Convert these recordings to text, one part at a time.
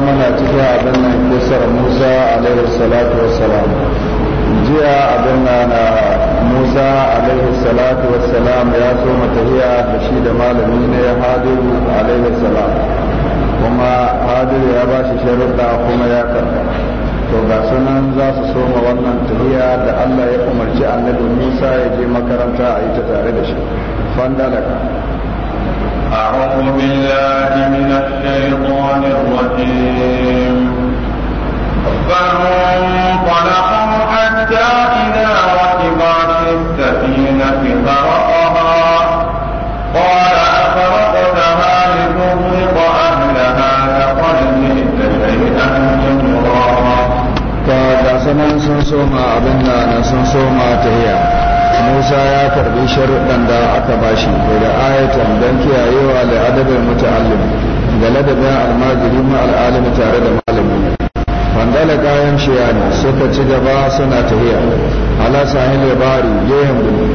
mana cikin abin nan kisar musa alaihi salatu wassalam jiya abin nan ah, musa alaihi salatu wassalam ya so matahiya da shi da malami ne ya hadiru alaihi salam kuma hadu ya ba shi sharuɗa kuma ya karɓa to ga sunan za su soma wannan tahiya da allah ya umarci annabi musa ya je makaranta a yi ta tare da shi fandalaka أعوذ بالله من الشيطان الرجيم فانطلقوا حتى إذا ركبا السفينة فرقها قال أفرقتها لتغرق أهلها لقد جئت شيئا إمرا. قال سنن سنسوما أبنا سنسوما تهيا musa ya karbi sharuɗan da aka bashi da ayatan don kiyayewa da adabin muta'allim da ladabin almajiri ma al'alimi tare da malami fandala kayan shiyani suka ci gaba suna tahiya ala sahil bari gehen gudu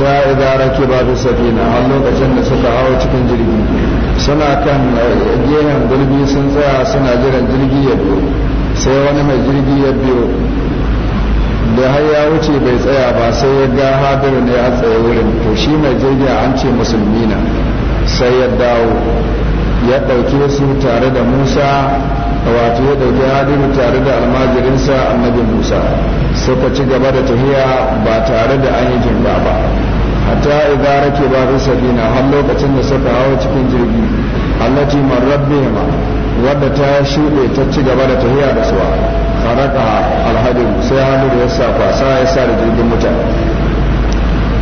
ta idan rake ba bisa safina a lokacin da suka hawa cikin jirgi suna kan eh, gehen gulbi sun tsaya suna jiran jirgi ya biyo sai wani mai jirgi ya biyo da har ya wuce bai tsaya ba sai ya ga hadiru ne a tsaye wurin to shi mai jirgin an ce musulmi na sai ya dawo ya ɗauke su tare da musa wato ya ɗauki hadiru tare da almajirinsa annabi musa suka ci gaba da tafiya ba tare da an yi jirga ba hatta idan rake ba bisa dina har lokacin da suka hawa cikin jirgi allati marrabbihima wadda ta shuɗe ta ci gaba da tafiya da suwa haraka alhajin sai hannu da ya sa kwasa ya sa da jirgin mutane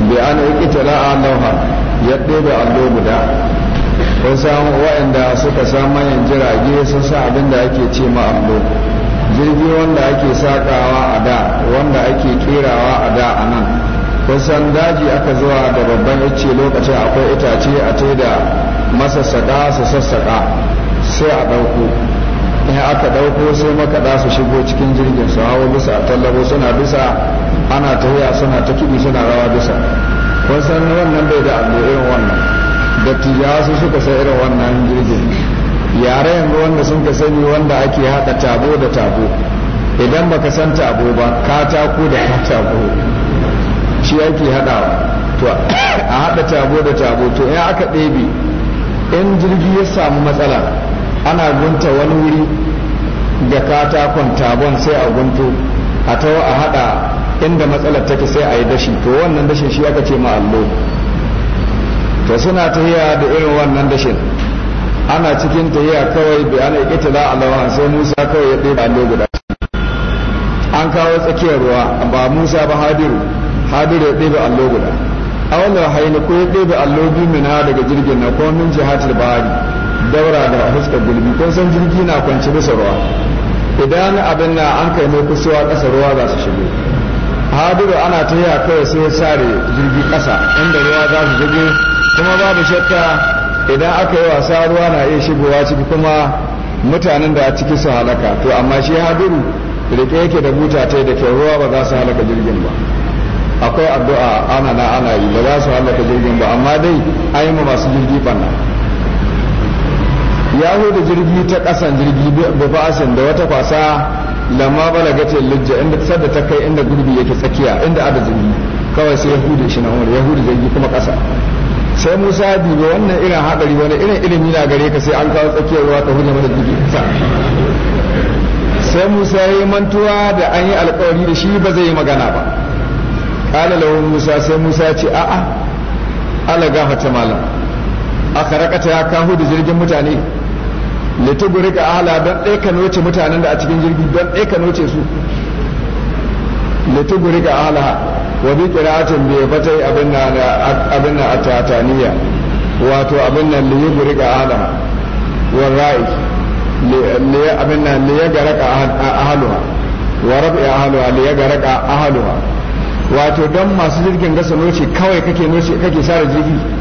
bai an ikita a lauha ya ɗebe allo guda kun san waɗanda suka sa manyan jirage sun sa abin da ake ce ma allo jirgi wanda ake sakawa a da wanda ake ƙerawa a da a nan kun san daji aka zuwa da babban yace lokacin akwai itace a da masassaƙa su sassaƙa sai a ɗauko in aka ɗauko sai makaɗa su shigo cikin jirgin su hawa bisa a tallabo suna bisa ana tahiya suna ta kiɗi suna rawa bisa kun san wannan bai da abu irin wannan dattijawa su suka sai irin wannan jirgin yare yanzu wanda sun ka sani wanda ake haɗa tabo da tabo idan baka san tabo ba katako da katako shi ake haɗawa to a haɗa tabo da tabo to in aka ɗebe in jirgi ya samu matsala ana gunta wani wuri da katakon tabon sai a gunto a ta a hada inda matsalar take sai a yi dashi to wannan dashin shi aka ce ma allo to suna tahiya da irin wannan dashin ana cikin tahiya kawai bai ana da alawan sai musa kawai ya ɗaya allo guda an kawo tsakiyar ruwa ba musa ba hadiru hadiru ya ɗaya allo guda a wannan haini ko ya ɗaya allo biyu mina daga jirgin na ko min jihatul bahari daura da fuskar gulbi kun san jirgi na kwanci bisa ruwa idan abin na an kai mai kusurwa ƙasa ruwa za su shigo hadiru ana ta yi kawai sai sare jirgi ƙasa inda ruwa za su shigo kuma babu shakka idan aka yi wasa ruwa na iya shigowa ciki kuma mutanen da a ciki su halaka to amma shi hadiru rike yake da buta ta da kyau ruwa ba za su halaka jirgin ba akwai addu'a ana na ana yi ba za su halaka jirgin ba amma dai an yi ma masu jirgi banna ya da jirgi ta kasan jirgi bufa'asin da wata kwasa lamma balagatil lijja inda sadda ta kai inda gurbi yake tsakiya inda ada jirgi kawai sai ya hude shi na umar ya hude jirgi kuma kasa sai musa ya dubi wannan irin haɗari wani irin ilimi na gare ka sai an kawo tsakiyar ruwa ta hudu mana jirgi kasa sai musa ya yi mantuwa da an yi alkawari da shi ba zai yi magana ba lawan musa sai musa ya ce a'a ala gafata malam aka rakata ya kahu da jirgin mutane lituguri ga ala don ɗaya ka noce mutanen da a cikin jirgi don ɗaya ka noce su lituguri ga ala wa bi qira'atin bi fatai abin na abin atataniya wato abin nan li yuguri ga ala wa ra'i li abin nan li yagaraka ahluha wa rafi ahluha li yagaraka ahluha wato don masu jirgin gasa noce kawai kake noce kake sare jirgi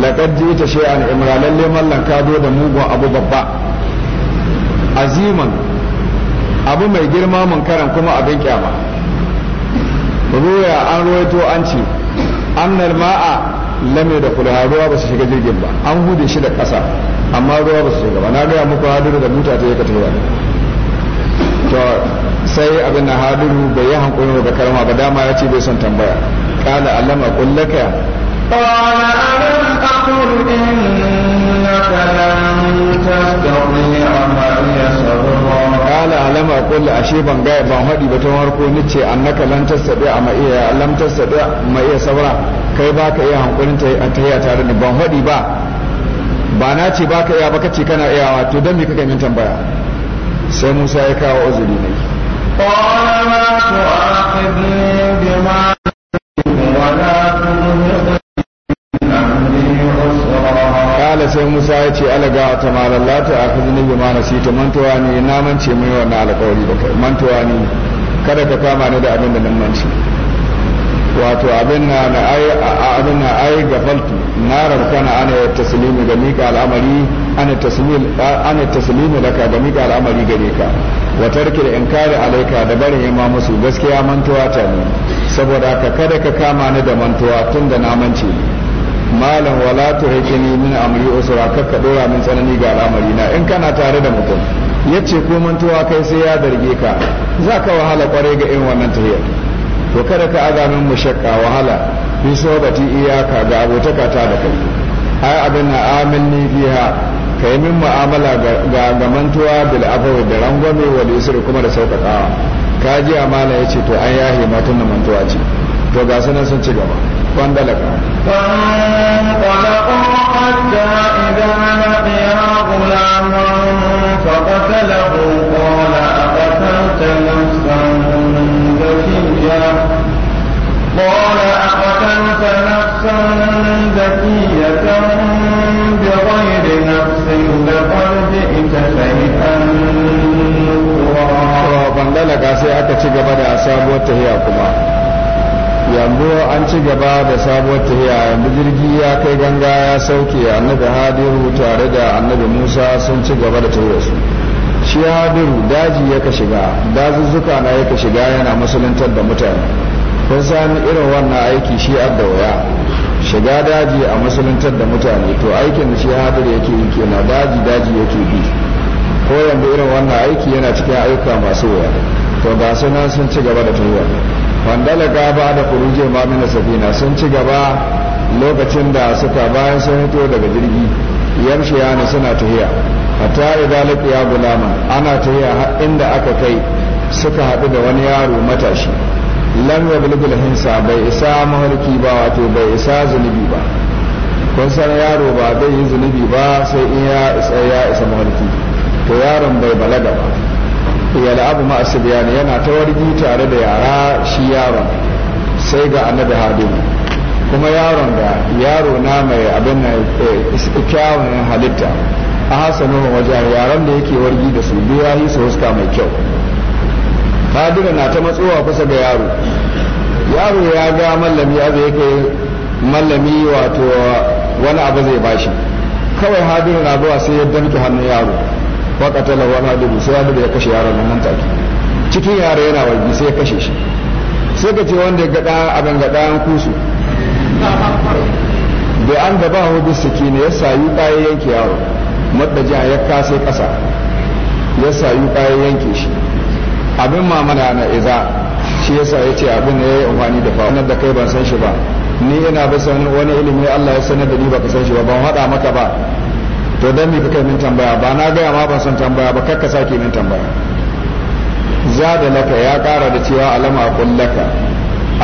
laqad jita shay'an imra lalle mallan ka da mugun abu babba aziman abu mai girma munkaran kuma abin kyama ruya an ruwaito an ce annal ma'a lame da kula ruwa ba su shiga jirgin ba an hude shi da ƙasa amma ruwa ba su shiga ba na gaya muku haduru da buta ta yaka tafiya to sai abin na haduru bai yi hankulin da karma ba dama ya ce bai son tambaya kala allama kullaka kora da gas a furɗi na gani ya ashe ban ga ba ni haɗi ko ni ce a naka lantarsaɗi a ma iya saura kai baka yi a hankulinta a ta hiyan ban haɗi ba na ce baka yi a baka ce kana yi a wato don me kai min tambaya sai musa ya kawo azuri ne. kora da gas a furɗi na sai musa ya ce alaga ta malallata a kan zunubi ma nasita mantuwa ne na mance mai wannan alƙawari da kai mantuwa ne kada ka kama ni da abin da nan mance wato abin na na ai abin na ai gafaltu na rabkana ana ya taslimi ga mika al'amari ana taslimi ana taslimi laka ga mika al'amari gare ka wa tarkil inkari alaika da barin yamma musu gaskiya mantuwa ta ne saboda ka kada ka kama ni da mantuwa tun da na mance malam wala turhikini min amri usra kakka dora min tsanani ga al'amari na in kana tare da mutum yace ko mantuwa kai sai ya zarge ka za ka wahala kware ga irin wannan tahiyar to kada ka azamin mushakka wahala bi sobati iyaka ga abotaka ta da kai ai abin na amanni biha ka min mu'amala ga ga mantuwa bil afawi da rangwame da isri kuma da sauƙaƙawa ka ji malam yace to an yahe matun da mantuwa ce to ga sanan sun ci gaba فانطلقا فانطلقوا حتى إذا لقيا غلاما فقتله قال أقتلت نفسا زكية قال أقتلت نفسا زكية بغير نفس لقد جئت شيئا نكرا فانطلقا سيأتي قبل أصابته كما yanzu an ci gaba da sabuwar tafiya yanzu jirgi ya kai ganga ya sauke annabi hadiru tare da annabi musa sun ci gaba da tafiya su shi hadiru daji ya ka shiga dazuzzuka na ya ka shiga yana musuluntar da mutane kun sami irin wannan aiki shi adda waya shiga daji a musuluntar da mutane to aikin da shi hadiru yake yi kenan daji daji yake bi ko yanzu irin wannan aiki yana cikin ayyuka masu waya to ga sunan sun ci gaba da tafiya fandalaka ba da kuruje ma mina safina sun ci gaba lokacin da suka bayan sun hito daga jirgi yarshe yana suna tahiya hatta dalaki ya gulama ana tahiya har inda aka kai suka haɗu da wani yaro matashi lam yablugul hinsa bai isa mahalki ba wato bai isa zunubi ba kun san yaro ba bai yi zunubi ba sai in ya isa ya isa mahalki to yaron bai balaga ba yal'abu ma asbiyan yana ta wargi tare da yara shi yaron sai ga annabi hadimu kuma yaron da yaro na mai abin na eh, kyawun halitta a hasanuhu wajen yaron da yake wargi da su biya su huska mai kyau hadira na ta matsowa kusa ga yaro yaro ya ga mallami ya zai kai mallami wato wani abu zai bashi kawai hadira na zuwa sai ya danki hannun yaro faƙata lawan hadiru sai hadiru ya kashe yaron nan take cikin yare yana wargi sai ya kashe shi sai ka ce wanda ya gaɗa abin gaɗa kusu da an gaba hudu suke ne ya sayu ɗaya yanke yaro madda jiha ya kasa ƙasa ya sayu ɗaya yanke shi abin mamana na iza shi yasa ya ce abin da ya yi amfani da fa da kai ban san shi ba ni ina bisa wani ilimi Allah ya sanar da ni baka san shi ba ban haɗa maka ba to dan ne kai min tambaya ba na gaya ma ban san tambaya ba kakka sake min tambaya zada laka ya kara da cewa alama a laka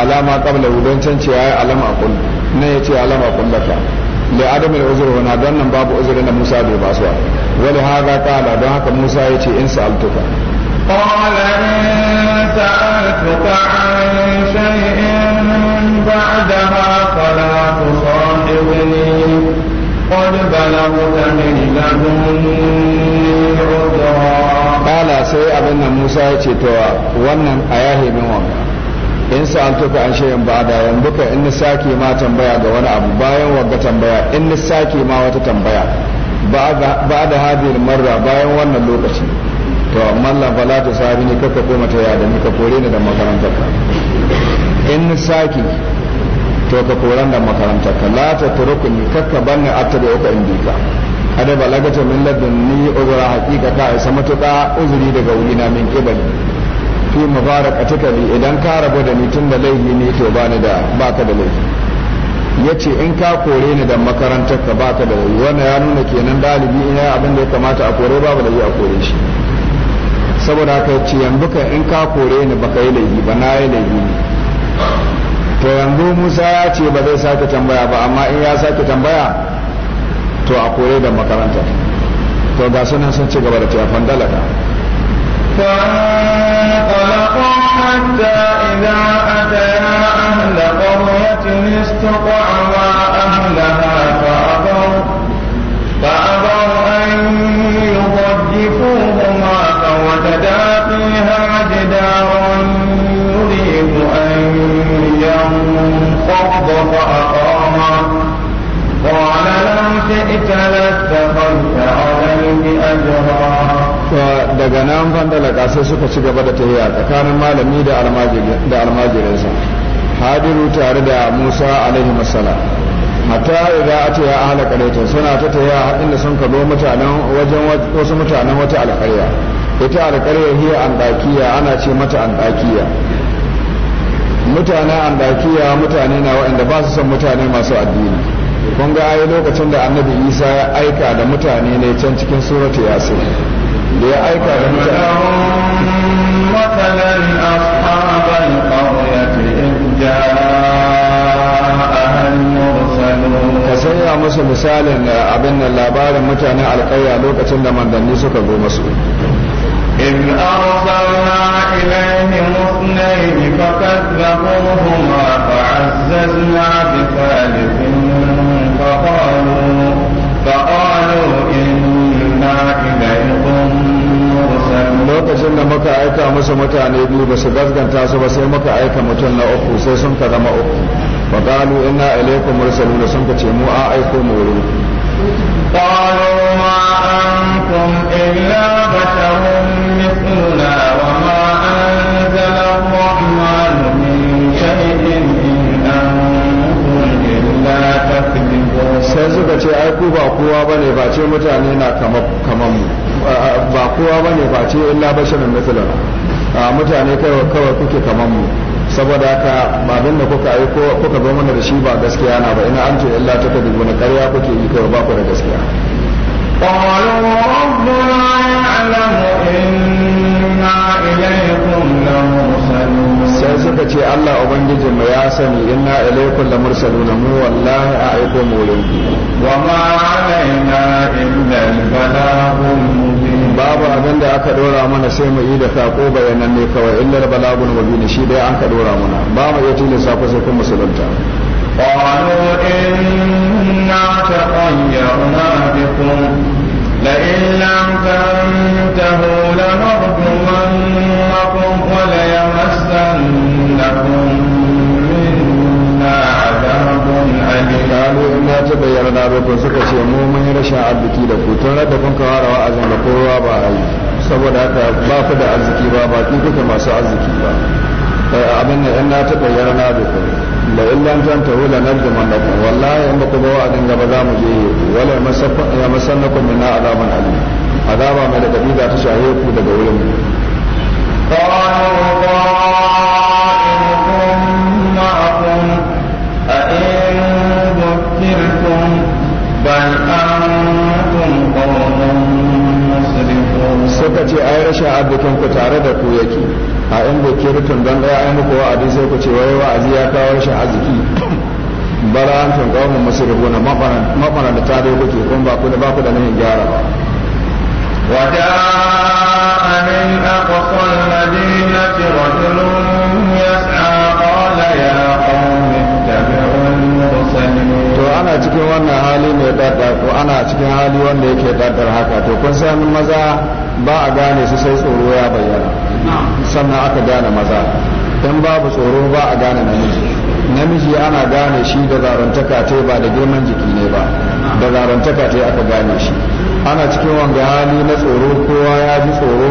alama qabla don can cewa ya alama aqul ne ya ce alama a laka da adam al uzr wa dan nan babu uzuru na Musa bai ba suwa wani hada kala don haka Musa ya ce in sa'altuka qala in sa'altuka an shay'in قد بلغت من لدني قال سي ابن موسى يتوى ونن أياهي من وما in sa an shayin ba da yanzu ka in sake ma tambaya ga wani abu bayan wagga tambaya in sake ma wata tambaya ba da hadir marra bayan wannan lokaci to la bala ta sabi ne kaka koma ta yada ni ka kore ni da makarantar in sake to ka koran da makaranta ka la ta turukun kakka banna atta da uka indika kada balagata min ni uzra haqiqa ka isa matuka uzuri daga wurina min kibali fi mubarakatika li idan ka rabu da ni tun da laifi ne to ba ni da ba ka da laifi yace in ka kore ni da makarantar ka ba ka da laifi wannan ya nuna kenan dalibi ina abin da ya kamata a kore babu da yi a kore shi saboda haka yace yanzu ka in ka kore ni baka yi laifi ba na yi laifi to yanzu musa ya ce ba zai sake tambaya ba amma in ya sake tambaya to a kore da makaranta to ga sunan sun ci gaba da cewa fandalaka فانطلقوا حتى إذا أتيا أهل قرية استطعما أهلها daga nan fandalaka sai suka ci gaba da tafiya tsakanin malami da almajirinsa hadiru tare da musa alaihi masala hatta idza ya ahla qaryati suna ta tafiya inda sun kado mutanen wajen wasu mutanen wata alƙarya ita alƙarya hiya andakiya ana ce mata andakiya mutanen andakiya mutane na waɗanda ba su son mutane masu addini kun ga ayi lokacin da annabi isa ya aika da mutane ne can cikin surata yasin da ya aika da mutane ka sanya musu misalin eh, abin nan labarin mutanen alƙarya lokacin da mandanni suka zo masu إذ أرسلنا إليهم اثنين فكذبوهما فعززنا بثالث فقالوا فقالوا إنا إليكم lokacin da muka aika musu mutane biyu ba su gaskanta su ba sai muka aika mutum na uku sai sun ka zama uku fa ina inna ilaykum mursalun sun ce mu an aiko mu wuri qalu ma antum illa basharun mithluna wa ma anzala rahman sai suka ce ai ku ba kowa bane ba ce mutane na kamar mu ba kowa bane ba ce illa basharin mithlan mutane kawai kuke kamar mu saboda haka abin da kuka yi ko kuka zo mana da shi ba gaskiya na ba ina an ce illa ta dubu na karya kuke yi kawai ba ku da gaskiya قالوا ربنا يعلم إنا إليكم لمرسلون sai suka ce Allah ubangiji mu ya sani inna ilaikum lamursaluna mu wallahi a aiko mu wurin wa ma alaina illa al-balagul babu abin da aka dora mana sai mu yi da sako bayanan ne kawai illa al-balagul mubin shi dai an ka dora mana ba mu iya tilasta ku sai kun musulunta قالوا إنا تطيرنا بكم لئن لم تنتهوا لنرجمن ji bayyana rukun suka ce mu mun yi rashin arziki da ku tun da kun kawo wa'azin da ko kowa ba a yi saboda haka ba ku da arziki ba ba ku kuka masu arziki ba eh, abin da yan na ta bayyana na ku la illan tan ta hula na da mallakun wallahi in ba ku ba wa'adin gaba za mu je wala ya masannakum min azaban alim azaba mai da da ta shahe ku daga wurin mu قالوا ضائعكم معكم بل أنتم قوم مسرفون سكتي ku tare da ku yake a in da ke rutun don ɗaya ai muku wa'adi sai ku ce wai wa'azi ya kawo rashin arziki bara an tun kawo mu masu rubuna maɓana da tare ke kun ba ku da ba ku da nan gyara ba wada amin aqsal madinati rajulun yas ana cikin wannan hali mai ɗaɗɗar ko ana cikin hali wanda yake ɗaɗɗar haka to kun san maza ba a gane su sai tsoro ya bayyana sannan aka gane maza don babu tsoro ba a gane namiji namiji ana gane shi da zarantaka ce ba da girman jiki ne ba da zarantaka ce aka gane shi ana cikin wanga hali na tsoro kowa ya ji tsoro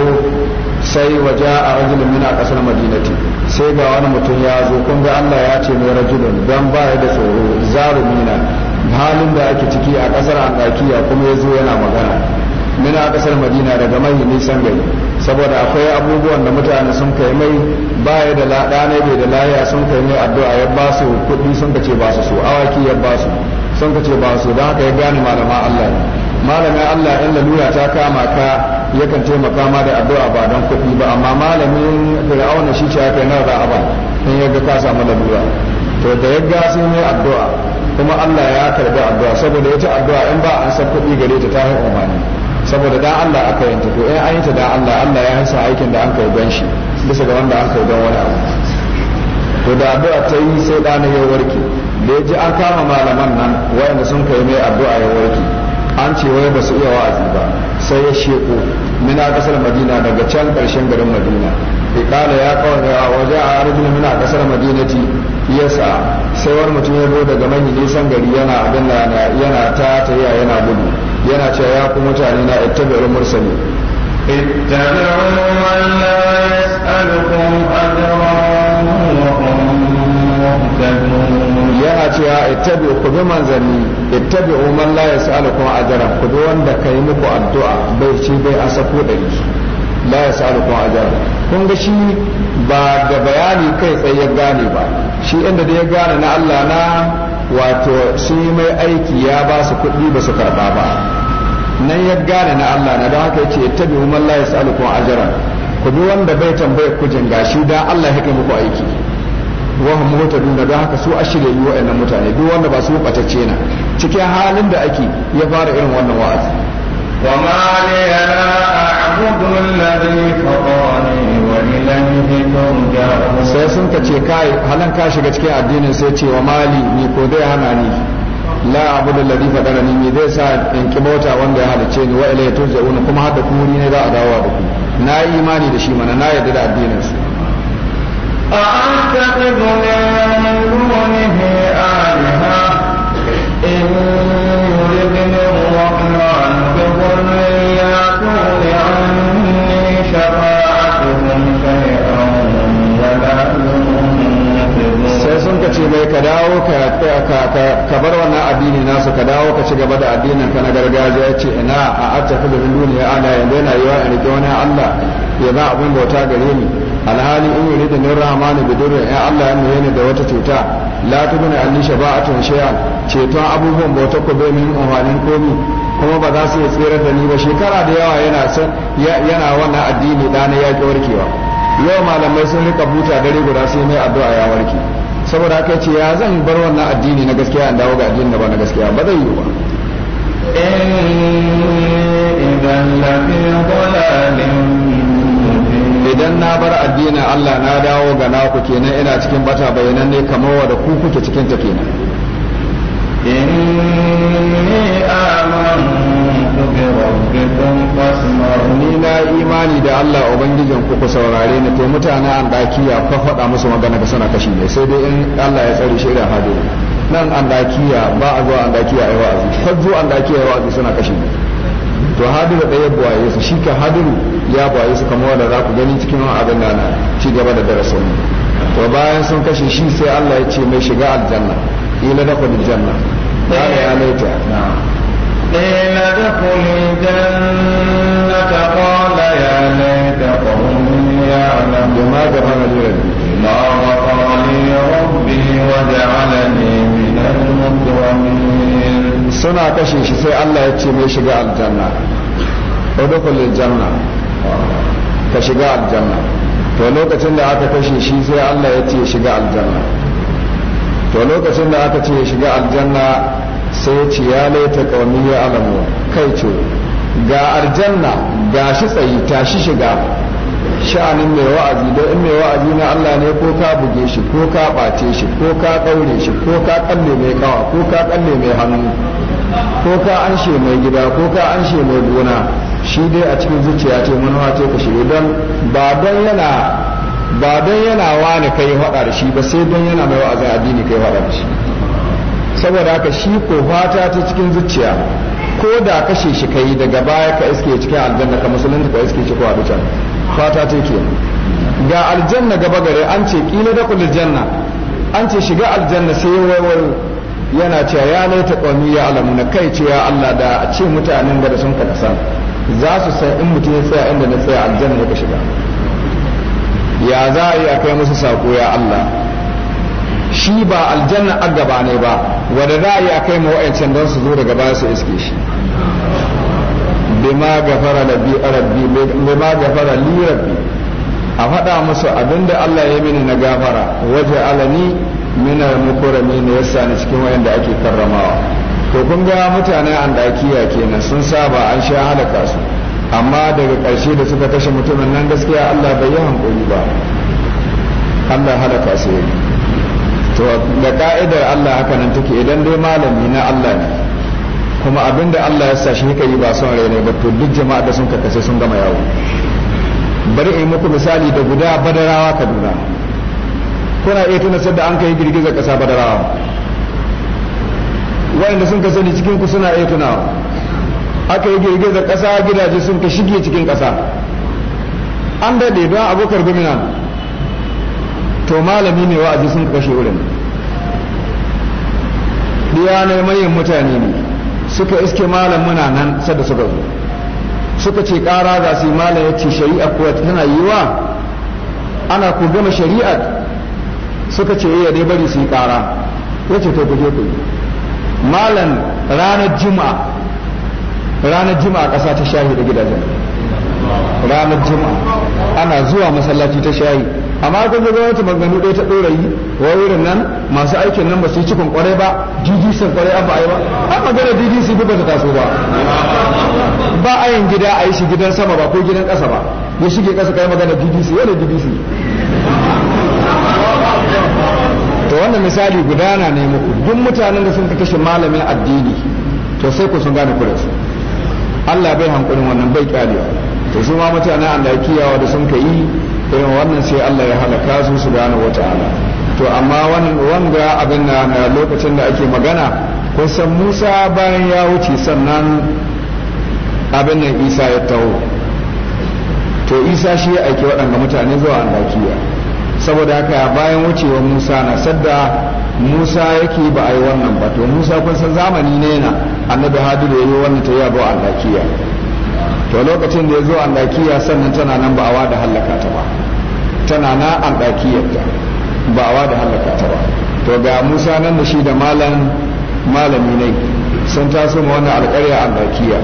sai waje a rajulun a kasar madinati sai ga wani mutum ya zo kun ga Allah ya ce mai rajulun don ba da tsoro zarumina halin da ake ciki a kasar andakiya kuma ya zo yana magana muna kasar madina daga mai nisan gari saboda akwai abubuwan da mutane sun kai mai baya da lada bai da laya sun kai mai addu'a ya ba su kuɗi sun kace ba su su awaki ya ba su sun kace ba su don haka ya gane malama Allah malamin Allah in lalura ta kama ka yakan taimaka ma da addu'a ba don kuɗi ba amma malamin fir'auna shi ce ya kai nan ra'aba ba in ya ga ka samu lalura to da ya ga sun yi addu'a kuma Allah ya karbi addu'a saboda ita addu'a in ba an san kuɗi gare ta ta yi umarni saboda dan Allah aka ta to in an yi ta dan Allah Allah ya hansa aikin da an kai don shi bisa ga wanda an kai gan wani abu to da addu'a ta yi sai da ya warke da ya ji an kama malaman nan wayanda sun kai mai addu'a ya warke an ce wai ba su iya wa'azi ba sai ya sheko mina kasar Madina daga can karshen garin Madina qala ya a wa ja'a rajulun min aqsar madinati yasa sai wani mutum ya zo daga manyan nisan gari yana abin yana ta tafiya yana gudu yana ce ya ku mutane na ittabi'ul mursali ittabi'u man la ce ajran ita hum muhtadun yana cewa ittabi'u ku bi manzanni ittabi'u man la yas'alukum ajran ku bi wanda kai muku addu'a bai ci bai asa ko la ya sa'alu kun ga shi ba da bayani kai tsaye ya gane ba shi inda da ya gane na Allah na wato sun mai aiki ya ba su kuɗi ba su karɓa ba nan ya gane na Allah na don haka yace tabi umman la ya sa kun ajara ku bi wanda bai tambayar kujin gashi dan Allah ya kai muku aiki wa hum mutaduna don haka su ashirye yi wa'annan mutane duk wanda ba su ce na cikin halin da ake ya fara irin wannan wa'azi وما لي لا أعبد الذي فطرني وإليه ترجعون sai sun ka ce kai halan ka shiga cikin addinin sai ce wa mali ni ko zai hana ni la abu da abudu alladhi fadarani ni zai sa in kibauta wanda ya halice ni wa ilayhi turja'un kuma haka kuri ne za a dawo da ku na yi imani da shi mana na yarda da addinin sa أأتخذ من دونه آلهة ka ce mai ka dawo ka bar wannan addini nasu ka dawo ka ci gaba da addinin ka na gargajiya ya ce ina a attafi da duniya ana yanzu yana yiwa in rike wani Allah ya za abin bauta gare ni alhali in yuri da nurra bi bidurin ya Allah ya yana da wata cuta la tubni anni shafa'atun shay'an ceton abubuwan bauta ko bai min amfanin komi kuma ba za su iya da ni ba shekara da yawa yana yana wannan addini dana ya ki warkewa yau malamai sun rika buta dare guda sai mai addu'a ya warke saboda haka ce ya zan bar wannan addini na gaskiya an dawo ga addinin da ba na gaskiya ba zai yi ba idan na bar addinin Allah na dawo ga naku kenan ina cikin bata bayanan ne kamar wa da ku kuke cikin ta kenan amanu ni na imani da Allah ubangijin ku ku saurare ni to mutane an dakiya ka faɗa musu magana ka sana kashi ne sai dai in Allah ya tsare shi da hadiri nan an ba a zuwa an dakiya ai wa'azi ka zo an dakiya ai wa'azi suna kashi ne to hadiru da ya buwaye su shi ka hadiru ya buwaye su kamar wanda za ku gani cikin abin da na ci gaba da darasin to bayan sun kashe shi sai Allah ya ce mai shiga aljanna ila da janna قال يا ليت قيل ادخل الجنة قال يا ليت قومي يعلم ما دخل ما غفر لي ربي وجعلني من المكرمين سنة كشيش سي الله يتشي شجاع الجنة ادخل الجنة كشجاع الجنة to lokacin da aka kashe shi sai Allah ya ce shiga aljanna to lokacin da aka ce shiga aljanna sai ce ya laita kaumi ya alamu kai ce ga arjanna ga shi tsayi shi shiga sha'anin mai wa'azi don in mai wa'azi na Allah ne ko ka buge shi ko ka ɓace shi ko ka ɗaure shi ko ka ƙalle mai kawa ko ka ƙalle mai hannu ko ka anshe mai gida ko ka anshe mai gona shi dai a cikin zuciya ce manuwa ce ka shiga don ba don yana ba don yana wani kai faɗa da shi ba sai don yana mai wa'azin addini kai faɗa da shi saboda haka shi ko fata ta cikin zuciya ko da kashe shi kai daga baya ka iske cikin aljanna ka musulunta ka iske cikin ko can fata ta ke ga aljanna gaba gare an ce kila da kullu janna an ce shiga aljanna sai waiwayo yana cewa ya laita kwami ya na kai ce ya Allah da a ce mutanen da sun ka san za su san in mutum ya tsaya inda na tsaya aljanna ka shiga ya za a yi a kai musu sako ya Allah shi ba aljanna a gaba ne ba wanda za a yi a kai wa'ancan don su zo daga baya su iske shi bima gafara rabbi rabbi bima gafara li rabbi a faɗa musu abinda Allah ya mini na gafara waje alani minar mukura ne yasa ni cikin wayanda ake karramawa to kun ga mutane an dakiya kenan sun saba an sha halaka su amma daga ƙarshe da suka kashe mutumin nan gaskiya Allah bai yi hankali ba Allah halaka su yi to da ka'idar Allah haka nan take idan dai malami na Allah ne kuma abinda Allah ya sa shi kai ba son rai ne ba to duk jama'a da sun kakace sun gama yawo bari in muku misali da guda badarawa Kaduna kuna iya tuna sadda an kai girgizar kasa badarawa wanda sun ka sani cikin ku suna iya tuna aka yi girgizar kasa gidaje sun ka shige cikin kasa an daɗe don abokar gwamna to malami wa wa'azi sun kashe wurin diya ne mayin mutane ne suka iske malam muna nan sada suka zo suka ce kara ga su malam ya ce shari'a kuwa tana wa ana ku gama shari'a suka ce ya eh, dai bari su yi kara ya ce to ku je ku malam ranar juma'a ranar juma'a ƙasa ta shahi da gidajen ranar juma'a ana zuwa masallaci ta shayi amma kan ga gwamnati maganganu ɗaya ta ɗorayi yi wa wurin nan masu aikin nan ba su yi cikon kwarai ba ddc kwarai an ba a yi ba an magana ddc ba ta taso ba ba a yin gida a yi shi gidan sama ba ko gidan ƙasa ba ya shige ƙasa kai magana ddc wani ddc to wannan misali gudana ne muku duk mutanen da sun ka kashe malamin addini to sai ku sun gane su Allah bai hankulin wannan bai kyalewa to su ma mutane an da sun ka yi irin wannan sai Allah ya halaka su subhanahu wata'ala to amma wannan wanga abin na lokacin da ake magana kusan Musa bayan ya wuce sannan abin nan Isa ya taho to Isa shi ya aiki waɗanda mutane zuwa annakiya saboda haka bayan wucewa Musa na sadda Musa yake ba a yi wannan ba to Musa kun san zamani ne na annabi Hadiru ya yi wannan ta yabo annakiya to lokacin da ya zo dakiya sannan tana nan ba a da hallaka ta ba tana na andakiyarta ba a da hallaka ta ba to ga musa nan da shi da malam malami ne sun taso ma wannan alƙarya dakiya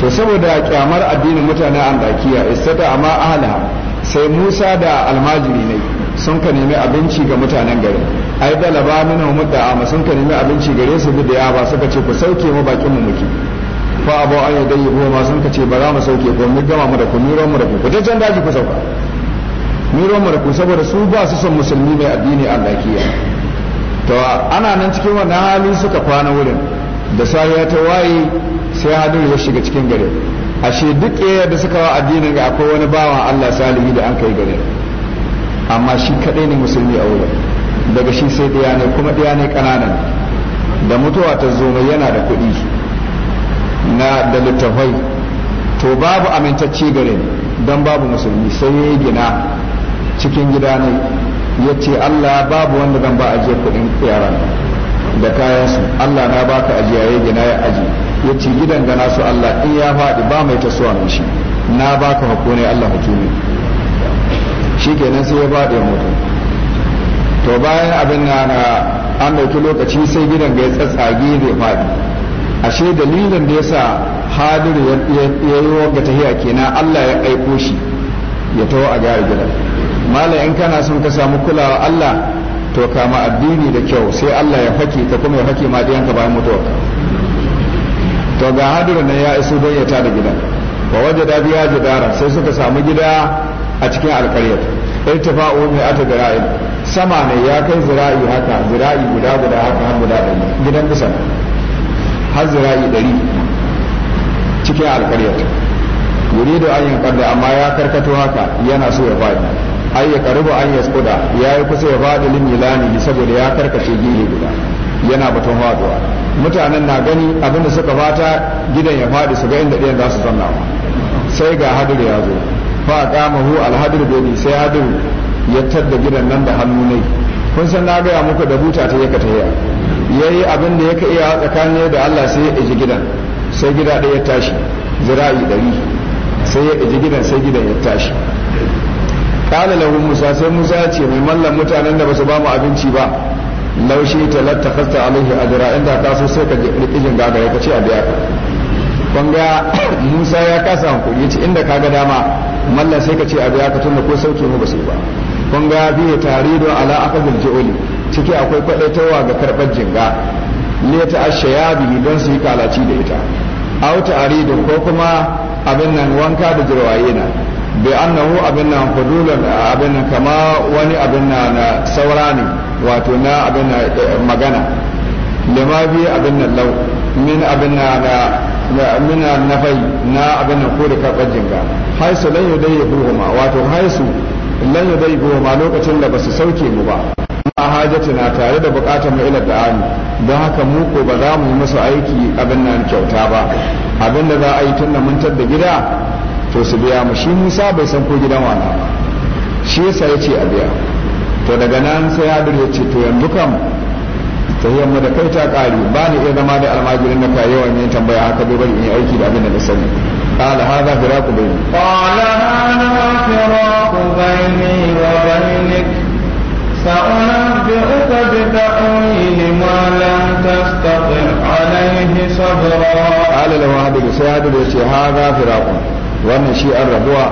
to saboda kyamar addinin mutane dakiya istata amma ahla sai musa da almajiri ne sun ka nemi abinci ga mutanen gari ai da dalaba minhum muta'ama sun ka nemi abinci gare su bi da ya ba suka ce ku sauke mu bakin mu muke fa abu an yadda yi goma sun ka ce ba za mu sauke ko mu gama mu da ku miro mu da ku kuje can daji ku sauka miro mu da ku saboda su ba su son musulmi mai addini Allah kiya to ana nan cikin wannan hali suka kwana wurin da sai ta waye sai hadin ya shiga cikin gari ashe duk da suka wa addinin ga akwai wani bawan Allah salihi da an kai gari amma shi kadai ne musulmi a wurin daga shi sai ɗaya ne kuma ɗaya ne kananan da mutuwa ta zo mai yana da kuɗi na da littafai to babu amintacce ni don babu musulmi sai ya gina cikin gida ne ya ce Allah babu wanda zan ba ajiye kuɗin yaran da kayansu Allah na baka ajiya ya gina ya aji ya ce gidan gana su Allah in ya faɗi ba mai tasowa mai shi na baka hako ne Allah hakimi shi kenan sai ya faɗi mutu to bayan abin na an ɗauki lokaci sai gidan ga ya tsatsage zai faɗi ashe dalilin da yasa hadir ya yi wanga tahiya kenan Allah ya aiko shi ya taho a gari gidan malam in kana son ka samu kulawa Allah to kama addini da kyau sai Allah ya fake ka kuma ya fake ma diyanka bayan mutuwa to ga hadir na ya iso don ya tada gidan wa wajada biya jidara sai suka samu gida a cikin alƙaryar irtifa'u mai ata zira'in sama ne ya kai zira'i haka zira'i guda guda haka har guda ɗari gidan kusa har zira'i ɗari cikin alƙaryar wuri da ayin ƙadda amma ya karkato haka yana so ya faɗi ai ya an ya tsoda ya yi kusa ya faɗi lin milani saboda ya karkace gini guda yana batun faɗuwa mutanen na gani abinda suka fata gidan ya faɗi su ga inda ɗayan za su zanna sai ga hadir ya zo fa kama hu alhadir bai sai hadir ya tadda gidan nan da hannu ne kun san na gaya muku da buta ta yaka ta yi ya yi abin da yake iya tsakanin da Allah sai ya iji gidan sai gida ɗaya ya tashi zira'i ɗari sai ya iji gidan sai gidan ya tashi kala lahu musa sai musa ya ce mai mallan mutanen da su ba mu abinci ba laushi ta latta fasta a ajra inda ka so sai ka rikijin gaga ka ce a biya ka Banga musa ya kasa hankuri ya ce inda ka ga dama mallan sai ka ce a biya ka da ko sauke mu ba su ba Banga biya tare don ala akadul ji'oli ciki akwai kwaɗaitarwa ga karɓar jinga ne ta ashaya biyu don su yi kalaci da ita auta aridun ko kuma abin nan wanka da jirwaye na bi annahu abin nan fudulan abin nan kama wani abin nan na saura ne wato na abin nan eh, magana lima bi abin nan lau min abin nan na min nafai na abin nan ko da karɓar jinga haisu lan ma wato haisu lan ma lokacin da ba su sauke mu ba hajatina tare da bukatar mu ila da'ani don haka mu ko ba za mu musu aiki abin nan kyauta ba abin da za a yi tun da mun da gida to su biya mu shi Musa bai san ko gidan wani ba shi yasa yace a biya to daga nan sai Hadir ya ce to yanzu kam tahiyar mu da kai ta kare ba ni iya zama da almajirin da ka yawan yin tambaya haka bai bari in yi aiki da abin da na sani قال هذا فراق بيني قال هذا فراق بيني وبينك فأنبئك بتأويل ما لم تستطع عليه صبرا قال له هذا سيادة هذا فراق wannan shi an rabuwa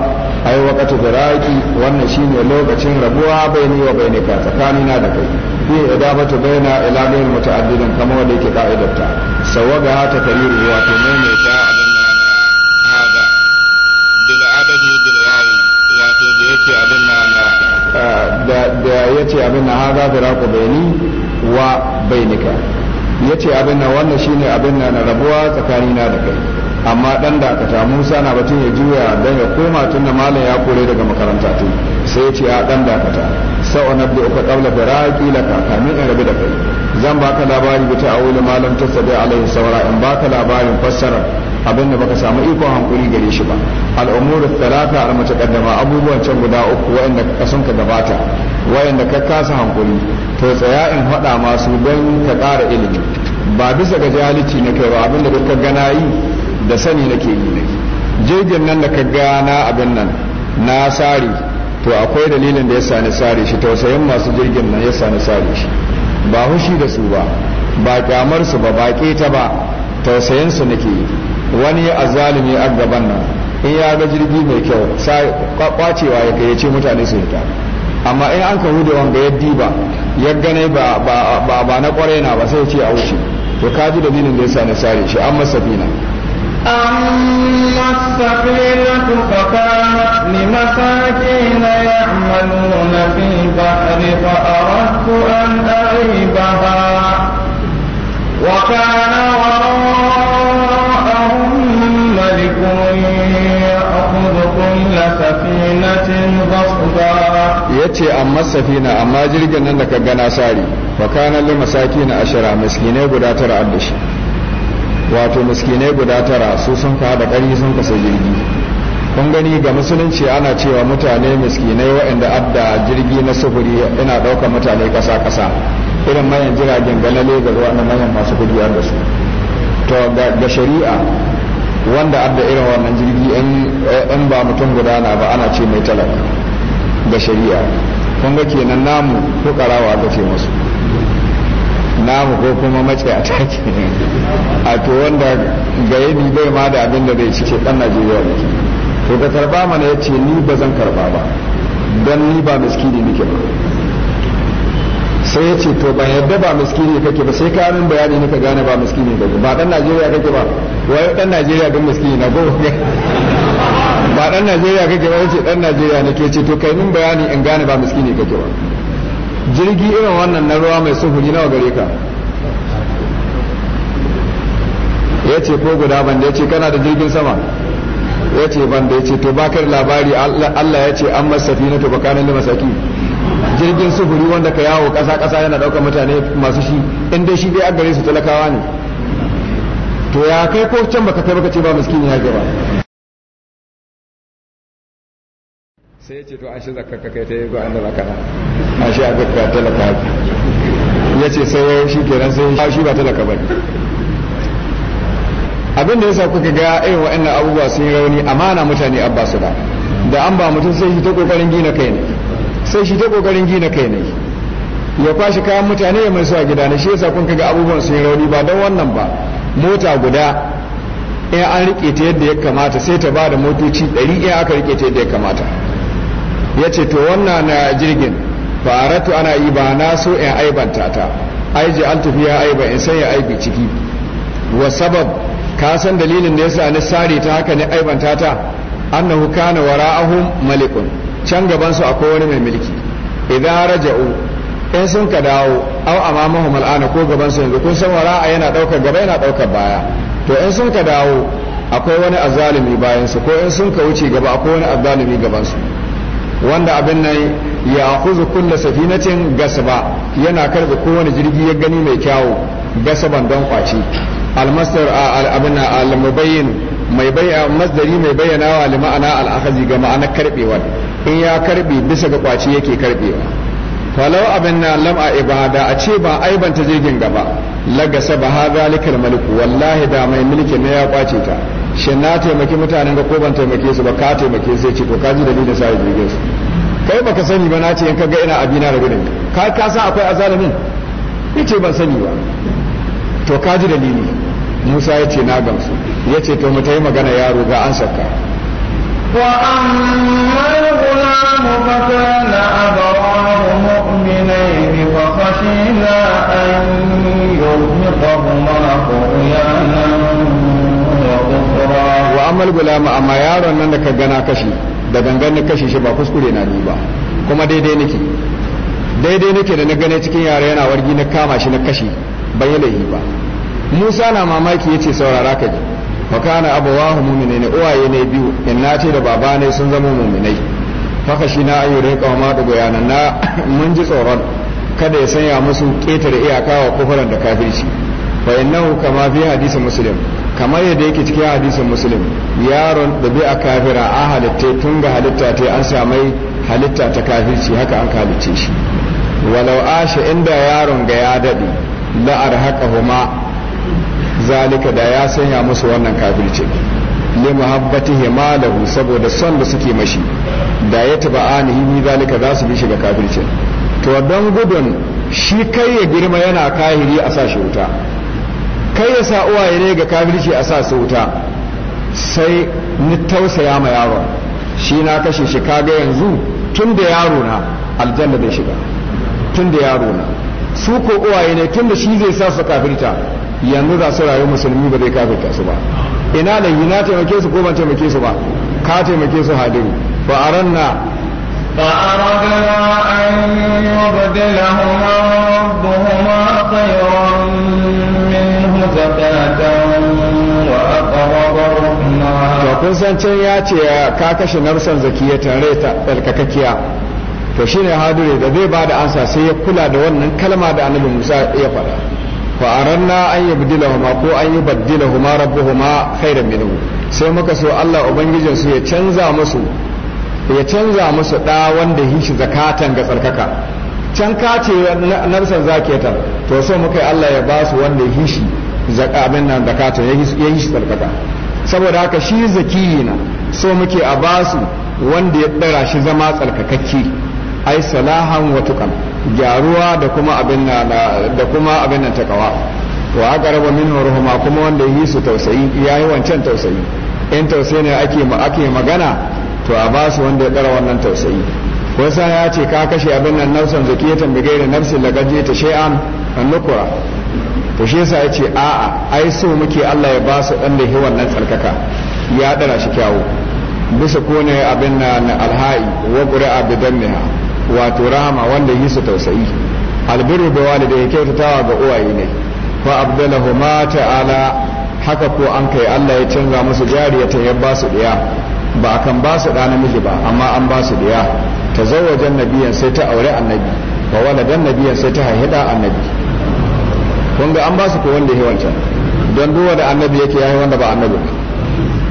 ai wakati wannan shi ne lokacin rabuwa bai ni wa bai ni tsakanina da kai bi idabatu baina ila ghayr muta'addidin kamar wanda yake ka'idarta sawaga ta kariru wato ne ta abin na hada bil adahi bil wato da yake abin na da ya ce abin na haza firaku bayani wa bainika ya ce abin na wannan ne abin na rabuwa tsakanina da kai amma dan dakata musa na batun ya juya don ya koma tun da malam ya kore daga makaranta tun sai ya ce a dan dakata sau na biyu ka kabla firaki la kamin in rabu da kai zan baka labari bita a wani malam tattabi alaihi saura in baka labarin fassara abinda baka samu ikon hankuri gare shi ba al'umuru talata al mutaqaddama abubuwan can guda uku wayanda ka sun ka gabata wayanda ka kasa hankuri to tsaya in faɗa masu don ka ƙara ilimi ba bisa ga jahilci na kai ba abin da duk ka gana yi da sani nake yi ne jirgin nan da ka gana abin nan na sare to akwai dalilin da ya sani sare shi tausayin masu jirgin nan ya sani sare shi ba hushi da su ba ba kyamar su ba ba keta ba tausayin su nake yi wani azalimi a gaban nan in ya ga jirgi mai kyau sai kwacewa ya kai ce mutane su fita amma in an ka hude wanga ya diba ya gane ba ba na kwarai na ba sai ce a wuce to ka ji dalilin da yasa na sare shi amma safina أما السفينة فكانت لمساكين يعملون في البحر فأردت أن وكان yace amma safina amma jirgin nan da ka gana sari fakana li masaki na ashira guda tara an da wato miskinai guda tara su sun fa da ƙari sun kasa jirgi kun gani ga musulunci ana cewa mutane miskinai waɗanda adda jirgi na sufuri ina ɗaukar mutane ƙasa-ƙasa irin manyan jiragen ganale ga wannan manyan masu kudi da su to ga shari'a wanda adda irin wannan jirgi in ba mutum gudana ba ana ce mai talaka da shari'a kun ga kenan namu karawa aka ce masu namu ko kuma mace a take a to wanda gaye ni bai ma da abin da bai ci ce dan Najeriya ne to ka karba mana ce ni ba zan karba ba don ni ba miskini nake ba sai ya ce to ba yadda ba miskini kake ba sai ka min bayani ne ka gane ba miskini kake ba dan Najeriya kake ba wai dan Najeriya don miskini na go ba dan Najeriya kake ba wace dan Najeriya ke ce to kai min bayani in gane ba miskini kake ba jirgi irin wannan na ruwa mai sufuri nawa gare ka ya ce ko guda ban da ya ce kana da jirgin sama ya ce ban da ya ce to bakar labari Allah ya ce an masafi na tobakanin da masaki jirgin sufuri wanda ka yawo ƙasa ƙasa yana ɗaukar mutane masu shi in dai shi dai an gare su talakawa ne to ya kai ko can baka kai baka ce ba miskini ya gaba sai ya ce to ashe zakka ka kai ta yi ga annaba na ashe a ka talaka ya ce sai shi kenan sai shi ba talaka ba abin da ya sa kuka ga irin waɗannan abubuwa sun yi rauni amana mutane abba su ba da an ba mutum sai shi ta kokarin gina kai ne sai shi ta kokarin gina kai ne ya kwashi kayan mutane ya mai su gida ne shi yasa kun kaga abubuwan sun yi rauni ba don wannan ba mota guda in an rike ta yadda ya kamata sai ta ba da motoci ɗari in aka rike ta yadda ya kamata ya ce to wannan na jirgin faratu ana yi ba na so in aibanta ta ai ji an ya aiba in sai ya aibi ciki wa sabab ka san dalilin da yasa ni sare ta haka ne aibanta ta annahu kana wara'ahum malikun can gabansu akwai wani mai mulki idan raja'u in sun ka dawo au amamahum al'ana ko gabansu yanzu kun san wara'a yana daukar gaba yana daukar baya to in sun ka dawo akwai wani azalimi bayan su ko in sun ka wuce gaba akwai wani azalimi gaban su wanda abin nan ya akuzu kulla safinatin gasba yana karbe kowane jirgi ya gani mai kyawu gasaban don kwaci almasar abin al-mubayyin mai bayyana masdari mai bayyanawa li ma'ana al-akhazi ga ma'anar karbewa in ya karbe bisa ga kwaci yake karbewa falau abin na lam'a ibada a ce ba aibanta jirgin gaba lagasa ba ha zalikal maliku wallahi da mai mulki ne ya kwace ta shi na taimaki mutanen ga ko ban taimake su ba ka taimake su ce to ka ji dalilin sa jirgin su kai baka sani ba na ce in ka ga ina abina da gudun ka ka san akwai azalimin yace ban sani ba to ka ji dalili musa ya ce na gamsu ya ce to mu ta yi magana yaro ga an saka wa amal فكان أبواه مؤمنين فخشينا أن يرهقهما طغيانا وكفرا da gangan kashi shi ba kuskure na ni ba kuma daidai nake daidai nake da na gane cikin yare yana wargi na kama shi na kashi bayyana yi ba musa na mamaki ya ce saurara ka ji fa kana abawahu mu'minai uwaye ne biyu in na ce da baba ne sun zama mu'minai faka shi na ayyurin kawama da goyana na mun ji tsoron kada ya sanya musu ƙetare iyaka wa kufuran da kafirci fa innahu kama fi hadisi muslim kamar yadda yake cikin hadisin muslim yaron da bi a kafira a halitta tun ga halitta ta an samai halitta ta kafirci haka an kalice shi walau asha inda yaron ga ya daɗe la'ar haka huma zalika da ya sanya musu wannan kafircin li muhabbatihi malahu saboda son da suke mashi da ya taba anihi zalika za su bi shi ga kafirci to don gudun shi kai ya girma yana kahiri a sa shi wuta kai ya sa uwaye ne ga kafirci a sa su wuta sai ni tausaya ma yaro shi na kashe shi kaga yanzu tun da yaro na aljanna zai shiga tun da yaro na su ko uwaye ne tun da shi zai sa su kafirta yanzu za su rayu musulmi ba zai kafirta su ba ina da na taimake su ko ban taimake su ba ka taimake su hadiru ba a ranna فأردنا أن يبدلهما ربهما خيرا منه زكاة وأقرب To kun san can ya ce ka kashe narsan zakiya tare ta tsarkakakkiya to shine hadure da zai ba da ansa sai ya kula da wannan kalma da annabi Musa ya faɗa fa aranna an yabdilahuma ko an yubaddilahuma rabbuhuma khairan minhu sai muka so Allah ubangijin su ya canza musu ya canza musu da wanda yi shi zakatan ga tsarkaka can kace narsan zaketa to so muka yi Allah ya ba su wanda yi shi abin nan zakatan ya yi shi tsarkaka saboda haka shi zakiyi na so muke a ba su wanda ya ɗara shi zama tsarkakakki. ai salahan wa gyaruwa da kuma abin da kuma abin nan takawa wa aqrabu min ruhuma kuma wanda yi su tausayi yayi wancan tausayi in tausayi ne ake ake magana to a basu wanda ya dara wannan tausayi wasa ya ce ka kashe abin nan nafsan zakiyatan bi ghairi nafsin gaje ta shay'an an nukura to shi yasa yace a'a ai so muke Allah ya basu su dan da wannan tsarkaka ya dara shi kyawu bisa kone abin na alha'i wa qura'a bidanniha wato rahama wanda yi su tausayi albirru da da ya kyautatawa ga uwaye ne fa abdalahu ma ta'ala haka ko an kai Allah ya canza musu jariya ta yabba su diya ba a kan ba su da namiji ba amma an ba su diya tazawwajan nabiyan sai ta aure annabi wa waladan nabiyan sai ta haihida annabi kun ga an ba su ko wanda ya wancan don duk wanda annabi yake yayi wanda ba annabi ba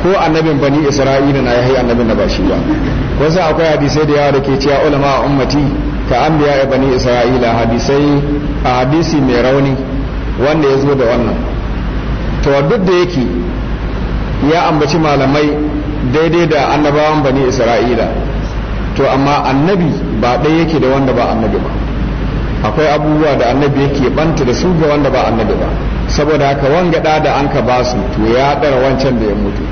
ko annabin bani isra'ila na yayi annabin da ba shi ba wasu akwai hadisai da yawa da ke cewa ulama a ummati ka anbiya bani isra'ila hadisai a hadisi mai rauni wanda ya zo da wannan to duk da yake ya ambaci malamai daidai da annabawan bani isra'ila to amma annabi ba ɗaya yake da wanda ba annabi ba akwai abubuwa da annabi yake banta da su ga wanda ba annabi ba saboda haka wangada da an ka basu to ya ɗara wancan da ya mutu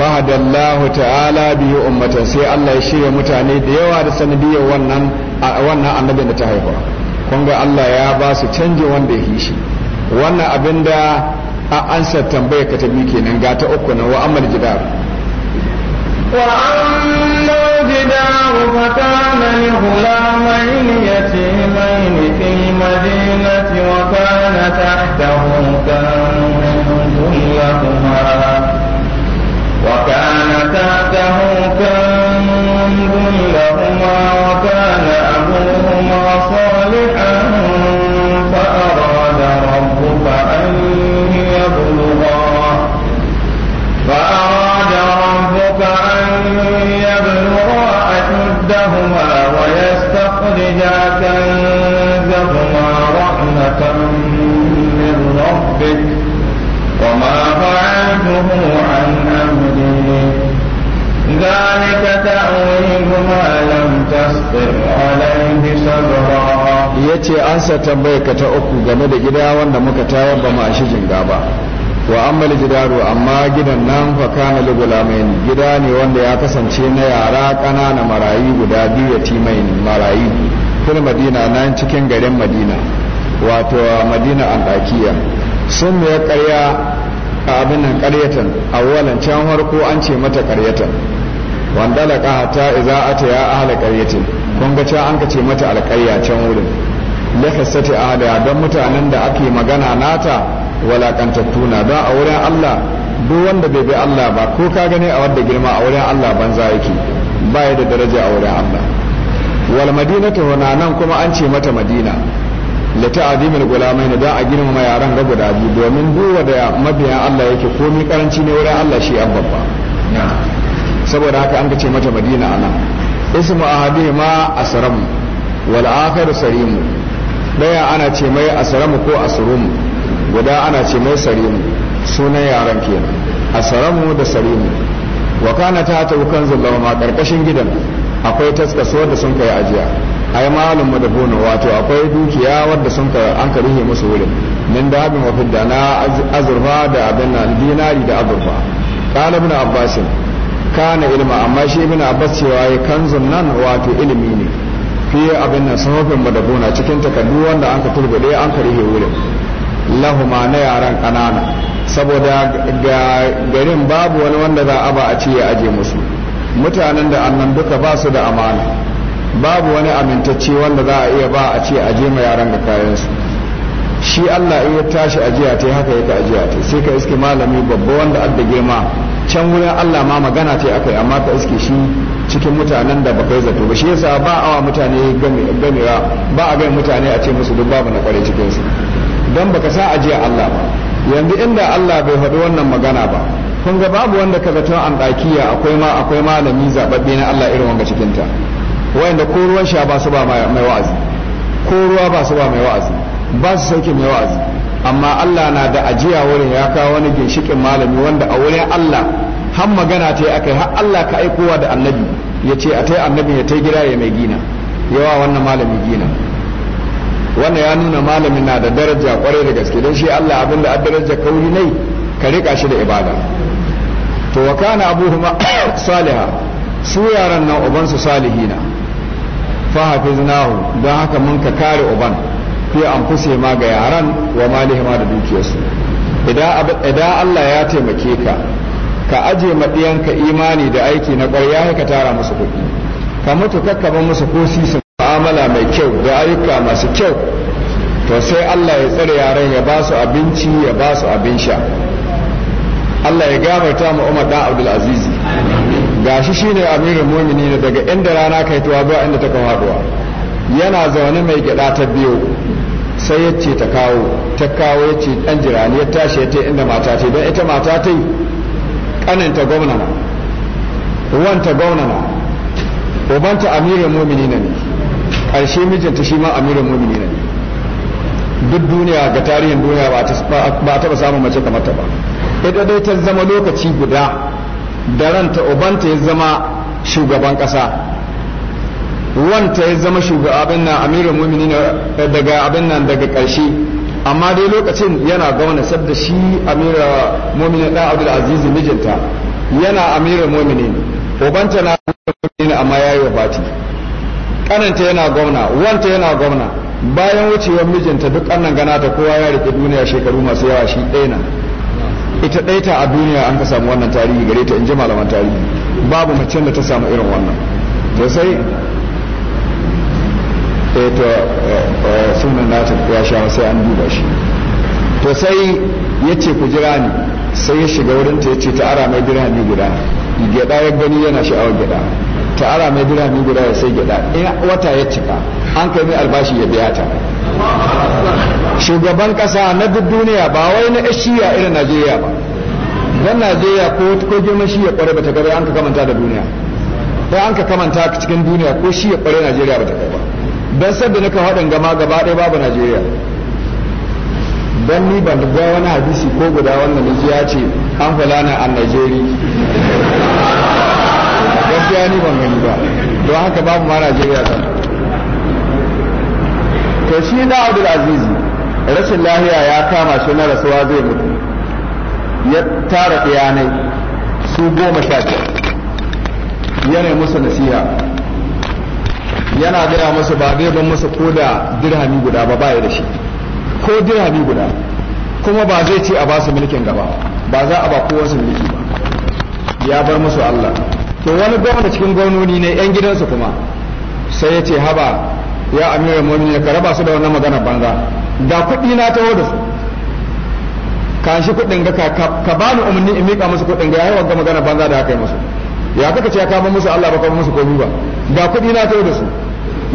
fahadallahu ta'ala biyu ummatan sai Allah ya shirya mutane da yawa da sanadiyar wannan wannan annabin da ta haifa kun Allah ya ba su canji wanda ya shi wannan abin da an ansa tambayar ka ta biyu kenan ga ta uku na wa amal jidar wa amal jidar fa kana li hulamain yatimain fil madinati wa kana tahtahu kanzun lahumā وكان تحته كنز لهما وكان أبوهما صالحا فأراد ربك أن يبلغا فأراد ربك أن يبلغا أشدهما ويستخرجا كنزهما رحمة من ربك وما فعلته ya ce an sa ka ta uku game da gida wanda muka tayar ba ma shi jinga ba wa ammal gidaru amma gidan nan fa kana lugulamain gida ne wanda ya kasance na yara kanana marayu guda biyu yatimai marayu fil madina nan cikin garin madina wato madina antakiya sun ya karya abin nan karyatan awwalan can farko an ce mata karyatan wanda laƙa iza ata ya ahla ƙaryatin kun ga cewa an ka ce mata alƙarya can wurin lahassati ahliya don mutanen da ake magana nata na don a wurin Allah duk wanda bai bi Allah ba ko ka gani a wadda girma a wurin Allah banza yake ba da daraja a wurin Allah wal madinatu huna nan kuma an ce mata madina da ta'azimul gulamai ne don a girmama yaran ga guda biyu domin duwa da mabiyan Allah yake komi karanci ne wurin Allah shi abba saboda haka an ce mata madina anan ismu ma asram wal akhir sarim daya ana ce mai asram ko asrum guda ana ce mai sarim sunan yaran kenan asram da sarim wa kana ta ta zallawa ma karkashin gidan akwai taskaso da sun kai ajiya ai malum madabuna wato akwai dukiya wadda sun ka an karihe musu wurin min dabin wa fidda na azurfa da abin dinari da azurfa qala ibn abbasin kana ilma amma shi ibn abbas cewa ya kanzun nan wato ilimi ne fi abin nan sahofin madabuna cikin takardu wanda an ka turbide an ka rihe wurin lahuma na yaran kanana saboda ga garin babu wani wanda za a ba a ce ya aje musu mutanen da annan duka ba su da amana babu wani amintacce wanda za a iya ba a ce aje ma yaran ga kayansu shi Allah in ya tashi ajiya ta haka yake ajiya ta sai ka iske malami babba wanda addage girma can wurin Allah ma magana ce aka yi amma ka iske shi cikin mutanen da baka zato ba shi yasa ba awa mutane gamewa ba a gani mutane a ce musu duk babu na kware cikinsu su don baka sa ajiya Allah ba yanzu inda Allah bai faɗi wannan magana ba kun ga babu wanda ka zato an ɗakiya akwai ma akwai malami zaɓaɓɓe na Allah irin wanga cikin wayanda ko ruwan sha ba ba mai wa'azi ko ba ba ba su sauke mai wa'azi amma Allah na da ajiya wurin ya kawo wani ginshikin malami wanda a wurin Allah har magana ta yi aka yi har Allah ka aikowa da annabi ya ce a ta yi annabi ya ta gida ya mai gina yawa wannan malami gina wannan ya nuna malamin na da daraja kwarai da gaske don shi Allah abinda a daraja kauri nai ka riƙa shi da ibada to wa kana huma saliha su yaran nan ubansu salihina fa hafiznahu don haka mun ka kare uban fi ma ga yaran wa ma da dukiyarsu idan Allah ya taimake ka ka aje maɗiyanka imani da aiki na ƙwarya ka tara musu kuɗi ka mutu kakkaban musu ko su mu'amala mai kyau da ayyuka masu kyau to sai Allah ya tsare yaran ya ba su abinci ya ba su abin sha Allah ya gafarta mu Umar dan Abdul Aziz gashi shine amirul mu'minin daga inda rana kai tuwa ba inda ta kawo haduwa yana zaune mai gyada ta biyu sai ya ce ta kawo ta kawo ya ce dan jirani ya tashi ya ta inda mata ce don ita mata ta yi kaninta gwamna na ruwanta gwamna na ubanta amirin mumini na ne ƙarshe mijinta shi ma amirin mumini na ne duk duniya ga tarihin duniya ba a taɓa samun mace kamar ta ba ita dai ta zama lokaci guda da ranta ubanta ya zama shugaban ƙasa wanta ya zama shugaba abin nan amirul mu'minin eh, daga abin nan daga ƙarshe amma dai lokacin yana gauna sabda shi amirul mu'minin abu da aziz mijinta yana amirul mu'minin ubanta na mu'minin amma yayi wabati kananta yana gwamna wanta yana gwamna bayan wucewar mijinta duk annan gana ta kowa ya rike duniya shekaru masu yawa shi ɗaya ita ɗaya a duniya an ka samu wannan tarihi gare ta in ji malaman tarihi babu macen da ta samu irin wannan to sai eh ta eh, eh, sunan nata ya sha sai an duba shi to sai ya ce ku jira ni sai ya shiga wurin ta ya ce ta ara mai birhami guda gyada ya gani yana sha'awar gyada ta ara mai birhami guda ya sai gyada in wata ya cika an kai mai albashi ya biya ta shugaban kasa na duk duniya ba wai na shiya irin najeriya ba dan najeriya ko ko girman shi ya kware bata kai an ka kamanta da duniya dan an ka kamanta cikin duniya ko shi ya kware najeriya bata kai ba don sabbi na kan haɗin gama gaba ɗaya babu najeriya don ni ban ga wani hadisi ko guda wannan da ya ce an fulana a najeri gaskiya ni ban gani ba don haka babu ma najeriya ba to shi na da azizi rashin lahiya ya kama shi na rasuwa zai mutu ya tara ɗiyanai su goma sha biyar yana musu nasiha yana gaya masa ba zai ban masa ko da dirhami guda ba baya da shi ko dirhami guda kuma ba zai ce a ba su mulkin gaba ba za a ba kowa su mulki ba ya bar musu Allah to wani gwamna cikin gwamnoni ne yan gidansu kuma sai ya ce haba ya amirar mu'mini ka raba su da wannan magana banza da kuɗi na taho da su ka shi kuɗin ga ka ba ni umarni in miƙa musu kuɗin ga yayin ga magana banza da aka yi musu ya kaka ce ya kama musu Allah ba kama musu komai ba ga kuɗi na taho da su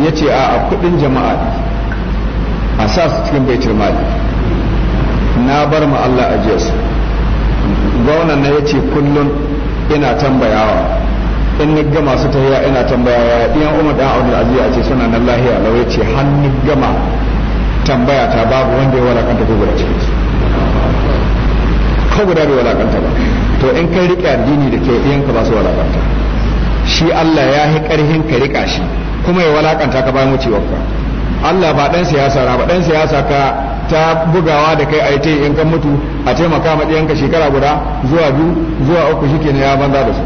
ya ce a kudin jama'a a sa su cikin baitul mali na bar ma Allah jiya su gwamnan na ya ce kullum ina tambayawa in ni gama su ta ina tambayawa ɗiyan umar da abdul aziz a ce suna nan lahiya lau ya ce har ni gama tambaya ta babu wanda ya walakanta ko guda cikin su ko guda bai walakanta ba to in kai riƙe addini da kyau ɗiyan ka ba su walakanta shi Allah ya yi ƙarhin ka riƙa shi kuma ya walakanta ka bayan ka Allah ba ɗan siyasa ba ɗan siyasa ka ta bugawa da kai a yi in kan mutu a taimaka ma ɗiyanka shekara guda zuwa biyu zuwa uku shi kenan ya banza da su.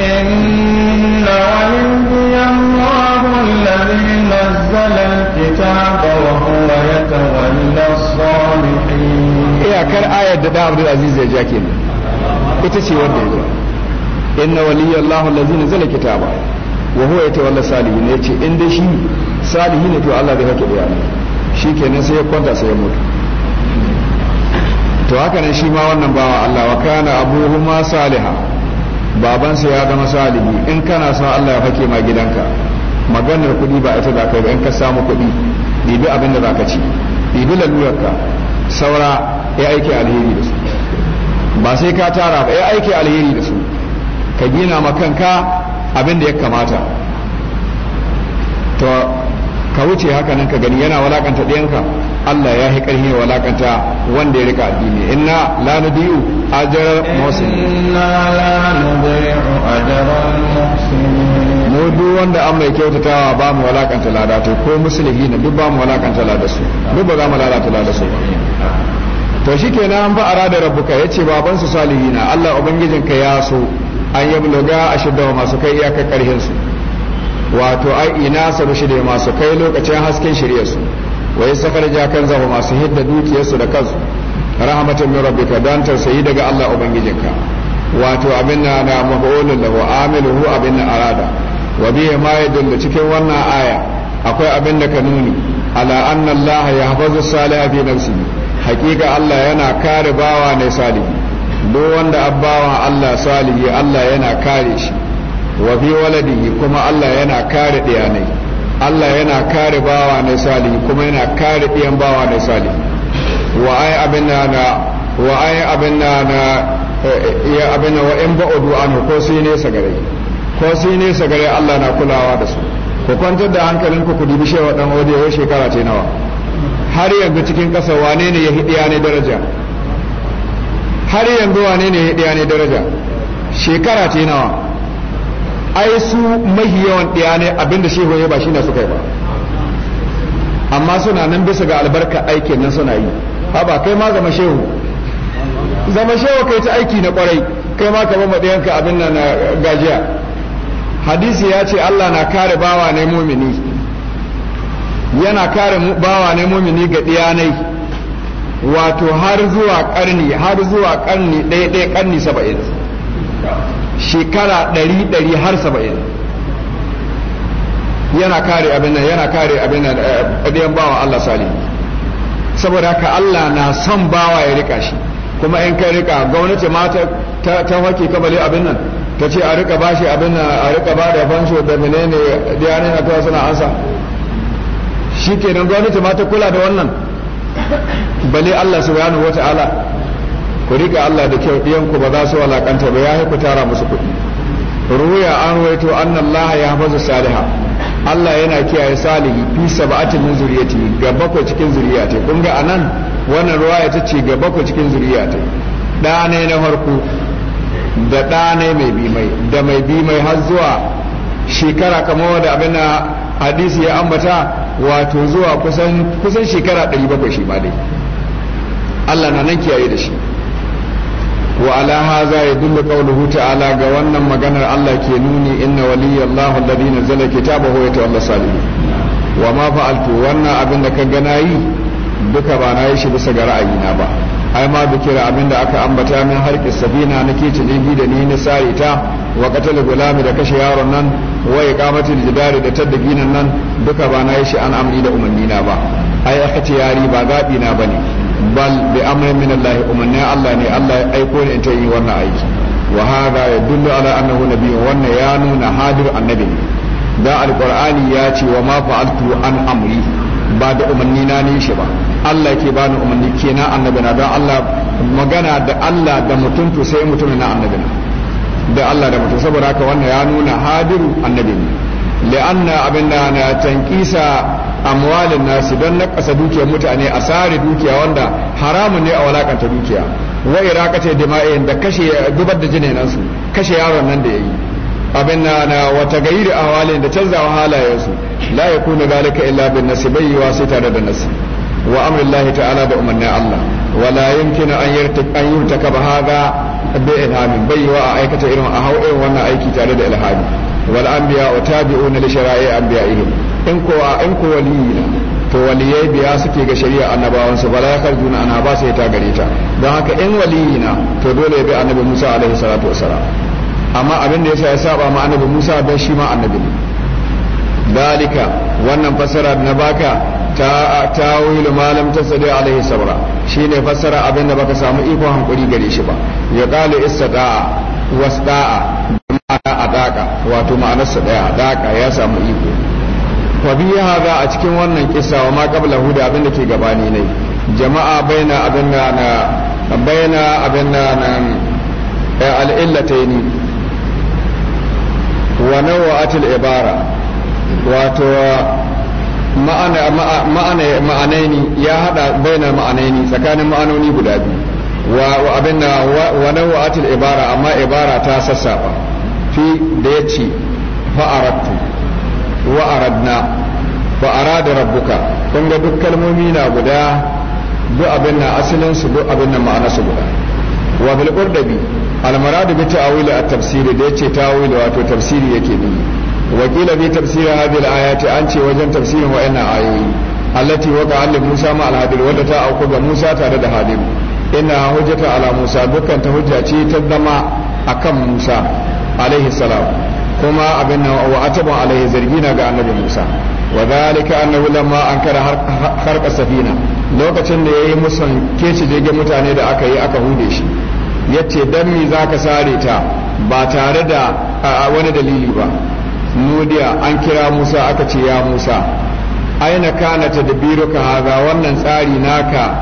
إن ولي الله الذي نزل الكتاب وهو يتولى الصالحين. إيه كان آية دابر العزيز يا جاكين. إتسي ودي inna waliyallahu allazi nazala kitaba wa huwa salihi salihin yace in dai shi salihi ne to Allah zai hake bayani shi kenan sai ya kwanta sai ya mutu to haka ne shi ma wannan bawa Allah wa kana abuhuma saliha sa ya zama salihi in kana son Allah ya hake ma gidanka maganar kuɗi ba ita za ka yi ba in ka samu kuɗi ɗibi abin da za ka ci ɗibi lalurarka saura ya aiki alheri da su ba sai ka tara ba ya aiki alheri da su ka gina ma kanka abin da ya kamata to ka wuce haka nan ka gani yana walakanta ɗayanka Allah ya yi ƙarfi ya walakanta wanda ya rika addini inna la nudiyu ajrar muhsin inna la nudiyu ajral muhsin mu duk wanda an mai kyautatawa ba mu walakanta lada to ko musulmi ne duk ba mu walakanta lada su duk ba za mu lalata lada su to shikenan fa arada rabbuka yace baban su salihina Allah ubangijinka ya so an yi buluga a shidda masu kai iyakar karhin su wato ai ina bishi da masu kai lokacin hasken shirye su wa yi sakar jakan zama masu hidda dukiyarsu da kansu rahmatan min rabbika don tausayi daga Allah ubangijinka wato abin na na da wa amiluhu abin na arada wa biya ma cikin wannan aya akwai abin da ka nuni ala anna Allah ya hafazu nafsi hakika Allah yana kare bawa ne salihi duk wanda abbawan Allah salihi Allah yana kare shi wa fi waladihi kuma Allah yana kare diyanai Allah yana kare bawa na salihi kuma yana kare ɗiyan bawa na salihi wa ai abin na na wa ai abin na na eh, ya abin wa in udu an ko sai ne gare ko sai nesa gare Allah na kulawa da su ku kwantar da hankalin ku dubi shewa dan odiyo shekara ce nawa har yanzu cikin kasa wane ne ya hidiya ne daraja har yanzu wane ne ya ne daraja shekara ce nawa ai su mahi yawan ɗaya ne abinda shehu ya ba shi na suka yi ba amma suna nan bisa ga albarka aikin nan suna yi haba kai ma zama shehu zama shehu kai ta aiki na kwarai kai ma ka bama ɗayanka abin nan na gajiya hadisi ya ce Allah na kare bawa ne mumini yana kare bawa ne mumini ga ɗiyanai wato har zuwa karni har zuwa karni ɗaya ɗaya karni saba'in shekara ɗari ɗari har saba'in yana kare abin nan yana kare abin nan ɗayan eh, bawa Allah sali saboda haka Allah na son bawa ya rika shi kuma in kai rika gwamnati ma ta ta hake kabale abin nan ta ce a rika bashi abin nan a rika ba da fansho da menene diyanin akawa suna ansa shi shikenan gwamnati ma ta kula da wannan bale Allah subhanahu wata'ala ku riga Allah da kyau ɗiyanku ba za su walakanta ba ya ku tara musu kuɗi ruya an waito to Allah ya hafazu saliha Allah yana kiyaye salihi fi sab'ati min zuriyati ga bakwai cikin zuriyati kun ga anan wannan ruwaya ta ce ga bakwai cikin zuriyati da ne na farko da da ne mai bi mai da mai bi mai har zuwa shekara kamar da abin hadisi ya ambata wato zuwa kusan kusan shekara 700 shi ma dai Allah na nan kiyaye da shi wa ala hadha yadullu qawluhu ta'ala ga wannan maganar Allah ke nuni inna waliyallahu alladhi nazzala kitabahu wa yatawalla salihin wa ma fa'altu wannan abin da ka gana yi duka ba na yi shi bisa ga ra'ayina ba ai ma abin da aka ambata min harki sabina na kici jirgi da ni na sare ta wa qatal gulami da kashe yaron nan wa iqamatil jidari da tadbinan nan duka ba na yi shi an amri da umanni na ba ai yari ba gabi na bane bal bi amrin min Allah umanni Allah ne Allah ya aiko ni in ta yi wannan aiki wa hada yadullu ala annahu nabiyyu wannan ya nuna hadir annabi da alqur'ani ya ce wa ma fa'altu an amri ba da umarni na ne shi ba Allah yake bani umarni kenan annabi na don Allah magana da Allah da mutum to sai mutum na annabi na da Allah da mutum saboda haka wannan ya nuna hadiru annabi ne li'anna abinda na tankisa amwalin nasu don nakasa dukiyar mutane a sare dukiya wanda haramun ne a walakanta dukiya wa iraqati dima'in da kashe dubar da jinin su kashe yaron nan da yayi abin na na wata gairi a ahwalin da canzawa su la ya kuna zalika illa bin nasi bai yiwa sai tare da nasi wa amrillahi ta'ala da umarnin Allah wala yumkinu an an yurtaka ba haga bi ilhami bai wa a aikata irin a irin wannan aiki tare da ilhami wal anbiya wa tabi'una li shara'i anbiya'ihim in ko in ko waliyina to waliyai biya suke ga shari'a su bala ya karjuna ana ba sai ta gareta don haka in waliyina to dole ya bi annabi Musa alaihi salatu wasalam amma abin da yasa ya saba ma annabi Musa dan shi ma annabi ne dalika wannan fasara na baka ta tawilu malam tasadi alaihi sabra shine fasara abin da baka samu iko hankuri gare shi ba ya qalu istata'a wasda'a ma'ana adaka wato ma'anar sa daya adaka ya samu iko fa bi haza a cikin wannan kissa wa ma qabla huda abin da ke gabani ne jama'a baina abin na baina abin na eh, al'illataini wa nawa'atul ibara wato ma'anaini ya hada baina ma'anaini tsakanin ma'anoni guda biyu wa abin da wa nawa'atul ibara amma ibara ta sassafa fi da ya ce fa'arattu wa aradna fa'arada rabbuka kun ga duk kalmomi na guda duk abin na asalin su abin na ma'ana su guda almaradu bi ta'wil at-tafsir da yace ta'wil wato tafsiri yake ne wakila bi tafsir hadhihi al-ayati an ce wajen tafsirin wa'annan ayoyi allati waqa li Musa ma al-hadir ta auku ga Musa tare da hadir inna hujjata ala Musa dukkan ta hujja ce ta zama akan Musa alaihi salam kuma abin nan wa ataban alaihi zargi na ga annabi Musa wa zalika annahu lamma ankara harqa safina lokacin da yayi musan keci jirgin mutane da aka yi aka hude shi ya ce dan mi za ka sare ta ba tare da wani dalili ba nudiya an kira musa aka ce ya musa aina kana ta ka haza wannan tsari naka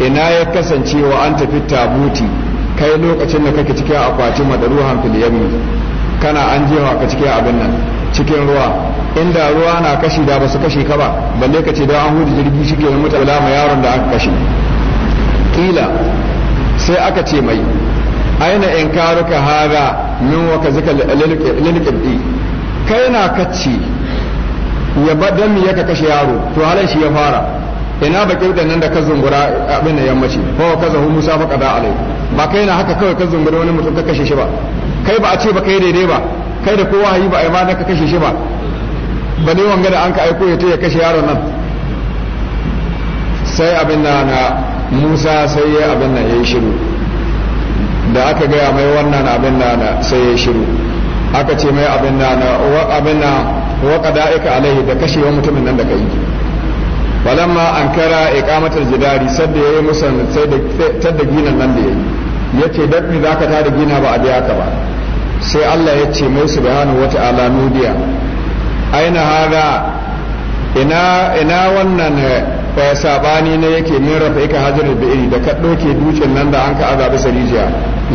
ina ya kasance wa an tafi tabuti kai lokacin da kake cikin akwatin madaruhan filiyammi kana an jewa ka cikin abin nan cikin ruwa inda ruwa na kashi da basu kashe ka ba balle ka ce don an huji jirgi shi ke ma yaron da aka kashe kila sai aka ce mai aina in karuka hada min wa ka zika lilqibdi kai na kacci ya badan ya ka kashe yaro to halin shi ya fara ina ba kirdan nan da ka zungura abin da yammaci ko ka zahu musa fa qada alai ba kai na haka kawai ka zungura wani mutum ka kashe shi ba kai ba a ce ba kai daidai ba kai da kowa yi ba a yi ma ka kashe shi ba ba ne wanga da an ka aiko ya ta ya kashe yaron nan sai abin da na musa sai ya abin nan ya yi shiru da aka gaya mai wannan abin nan sai ya yi shiru aka ce mai abin nan abin nan waka da'ika alaihi da kashewa mutumin nan da ka yi falamma an kara iqamatul jidari sadda yayi musan sai da tadda ginan nan da yayi yace dan me zaka ta da gina ba a biya ka ba sai Allah ya ce mai subhanahu ala nudiya aina hada ina ina wannan sabani ne yake min rafa ka hajar bi'iri da ka doke dukin nan da an ka azabi sarijiya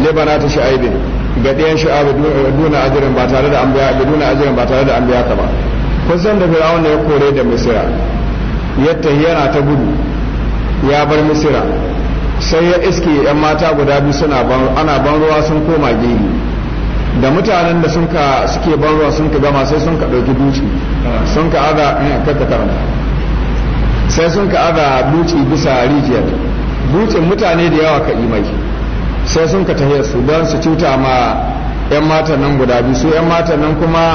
libana ta sha'ibin ga ɗayan sha'abu duna ajirin ba tare da an biya ga duna ajirin ba tare da an biya ka ba kusan da ne ya kore da misira yadda yana ta gudu ya bar misira sai ya iske yan mata guda biyu suna ana ban ruwa sun koma gini da mutanen da suke ban ruwa sun ka gama sai sun ka ɗauki duci sun ka aza eh, kakka karanta sai sun ka aza buci bisa rijiyar bucin mutane da yawa ka yi mai sai sun ka tahiyar su don su cuta ma 'yan matan nan guda biyu su 'yan matan nan kuma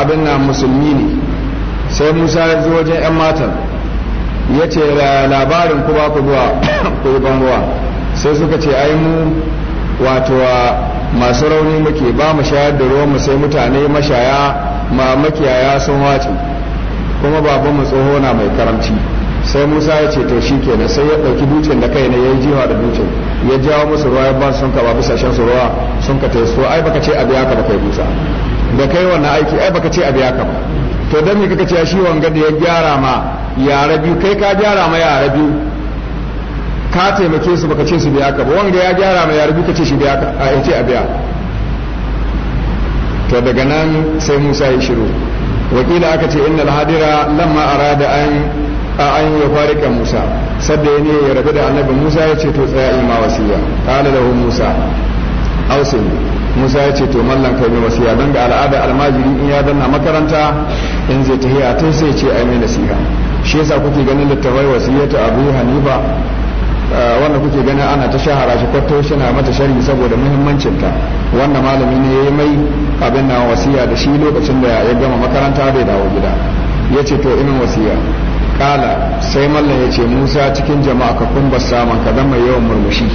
abin na musulmi ne sai musa ya zo wajen 'yan matan ya ce labarin ku ba ku zuwa ku ruwa sai suka ce ai mu wato masu rauni muke ba mu shayar da ruwan mu sai mutane mashaya ma makiyaya sun wace kuma mu tsoho na mai karamci sai musa ya ce to shikenan sai ya ɗauki dutsen da kai ne ya yi jiwa da dutsen ya jawo musu ruwa ya ba sun ka ba bisa shan su ruwa sun ka tayi ai baka ce abu ka ba kai musa da kai wannan aiki ai baka ce abu ka ba to dan me kaka ce shi wanga da ya gyara ma yara biyu kai ka gyara ma yara biyu ka taimake su baka ce su biya ka ba wanga ya gyara ma yara biyu kace shi biya ka a ce a biya to daga nan sai musa ya shiru wakila aka ce inda hadira lamma da an an ya farika Musa sadda ya ne ya rabu da annabi Musa ya ce to tsaya ima wasiya da lahu Musa ausini Musa ya ce to mallan kai mai wasiya don ga al'ada almajiri in ya danna makaranta in zai tahiya tun sai ce ai nasiha shi yasa kuke ganin littafai wasiyatu Abu Hanifa Eh, wanda kuke gani ana ta shahara shi kwato shi na mata sharhi saboda muhimmancinta wanda malami ne ya yi mai abin na wasiya da shi lokacin da ya gama makaranta bai dawo gida ya ce to ina wasiya kala sai mallan ya ce musa cikin jama'a ka kumbar saman ka dan mai yawan murmushi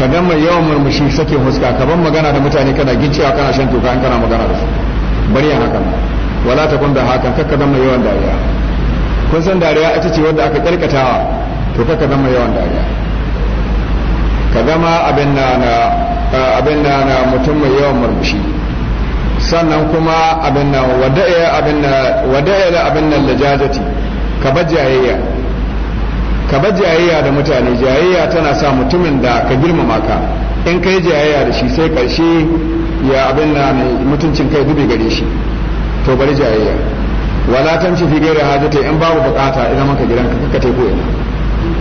ka dan mai yawan murmushi sake huska ka ban magana da mutane kana gicewa kana shan toka in kana magana da su bari yan hakan wala ta kun da hakan kakka dan yawan dariya kun san dariya ita ce wadda aka karkatawa to ka zama yawan dariya ka zama abin na abin na na mutum mai yawan murmushi sannan kuma abin na wada'a abin na wada'a da abin nan lajajati ka bar jayayya ka bar jayayya da mutane jayayya tana sa mutumin da ka girmama ka in kai jayayya da shi sai karshe ya abin na mutuncin kai dubi gare shi to bari jayayya wala tamshi fi gairi hajata in babu bukata idan maka gidanka ka te ko ina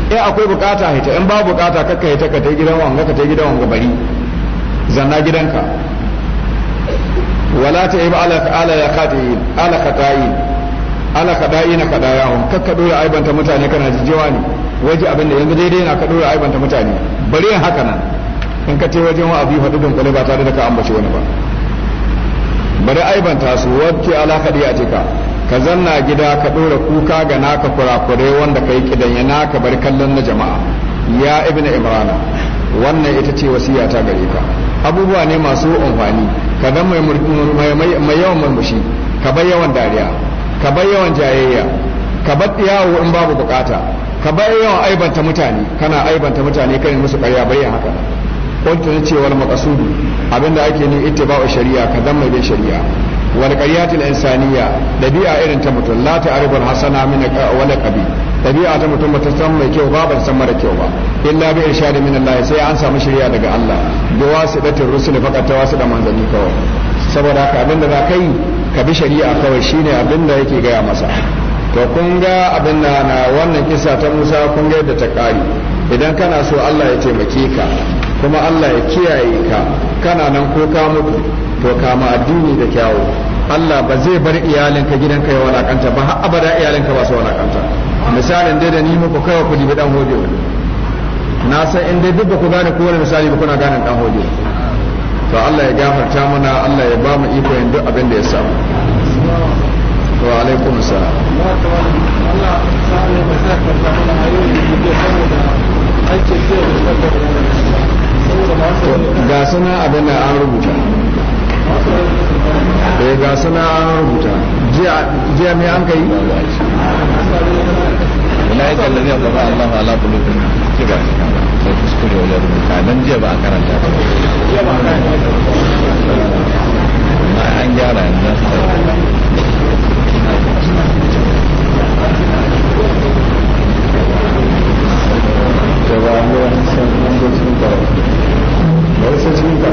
in eh, akwai bukata hita in ba bukata kakka hita ka tai gidan wanga ka tai gidan wanga bari zanna gidanka wala ta iba ala ala ya yi ala qada'i ala da'i na qadayahum kakka dora aibanta mutane kana jijjewa ne waje abin da yanzu daidai na ka dora aibanta mutane bari yin haka nan in ka tai wajen wa abi fadu dunkule ba tare da ka ambace wani ba bari aibanta su wacce ala ka. ka zanna gida ka ɗora kuka ga naka kurakurai wanda ka yi kidanya naka bar kallon na jama'a ya ibn imrana wannan ita ce wasiya ta gare ka abubuwa ne masu amfani ka dan mai yawan murmushi ka bar yawan dariya ka bar yawan jayayya ka bar yawo in babu bukata ka bar yawan aibanta mutane kana aibanta mutane kai musu karya bayan haka kuntu ne cewar maqasudu abinda ake ne ittiba'u shari'a ka mai bin shari'a wal 'yan Saniya dabi'a irin ta mutum la ta'riful hasana min wala qabi dabi'a ta mutum bata san mai kyau ba ba san mara kyau ba illa bi irshadi min Allah sai an samu shari'a daga Allah da wasidatin rusul faqat ta wasida manzanni kawai saboda haka abinda za ka yi ka bi shari'a kawai shine abinda yake gaya masa to kun ga abin na wannan kisa ta Musa kun ga yadda ta kare idan kana so Allah ya taimake ka kuma Allah ya kiyaye ka kana nan ko ka mutu to ma addini da kyawu Allah ba zai bar iyalinka gidanka ya walakanta ba har abada iyalinka ba su walakanta misalin dai da ni muku kawai ku dibi dan hoje na san in dai duk ba ku gane wani misali ba kuna gane dan hoje to Allah ya gafarta mana Allah ya ba mu iko yin duk abin da ya samu wa alaikum salam Allah ya samu da aikin da ya ga suna abin da an rubuta eh ga suna an rubuta jiya mai an kai yi ulaika alladhina Allah Allahu ala qulubihim kiba sai kuskure wajen rubuta nan jiya ba a karanta ba amma an gyara yanzu Thank you. 这个没有钱能够请到，没事请到。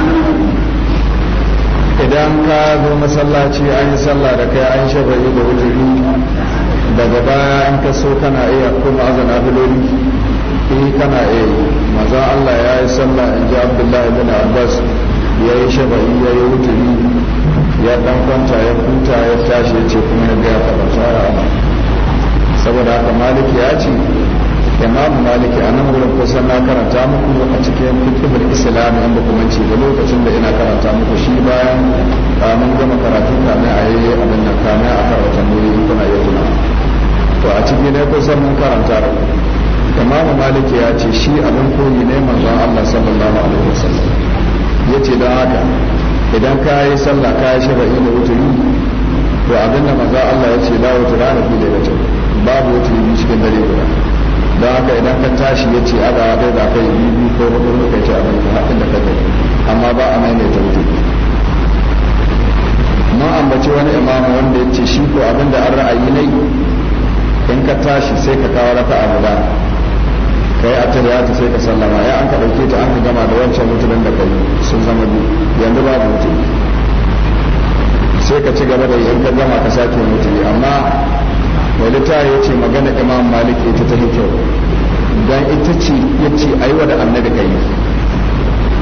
Thank you. idan ka zo masallaci an yi sallah da kai an shafa yi da wujuri daga baya an ka so kana iya kuma azana biloli eh kana iya yi maza Allah ya yi sallah in ji Abdullahi bin Abbas ya yi shafa yi ya yi wujuri ya dan kwanta ya kuta ya tashi ya ce kuma ya ga ya fara saboda haka maliki ya ce imam malik a nan wurin kusan na karanta muku a cikin fikihul islam in ba kuma ce da lokacin da ina karanta muku shi bayan mun gama karatu kamin a yayi abin nan kamin a karanta muri kuna yi tuna to a cikin ne kusan mun karanta da imam malik ya ce shi abin koyi ne manzon Allah sallallahu alaihi wasallam yace don haka idan ka yi sallah ka yi shari'i da wuturi to abin da manzon Allah ya ce la wuturi da fi da babu wuturi cikin dare guda don haka idan ka tashi ya ce aga ya da aka yi ko hudu da kai ce a bai haɗin da ka kai amma ba a maimaita wuce mun ambaci wani imamu wanda ya ce shi ko abin da an ra'ayi ne in ka tashi sai ka kawo raka a guda ka yi atariyata sai ka sallama ya an ka ɗauke ta an ka gama da wancan mutumin da kai sun zama biyu yanzu babu mutum sai ka ci gaba da in ka gama ka sake mutum amma wani ta ya ce magana imam malik ita ta kyau don ita ce ya ce a yi wa annabi kai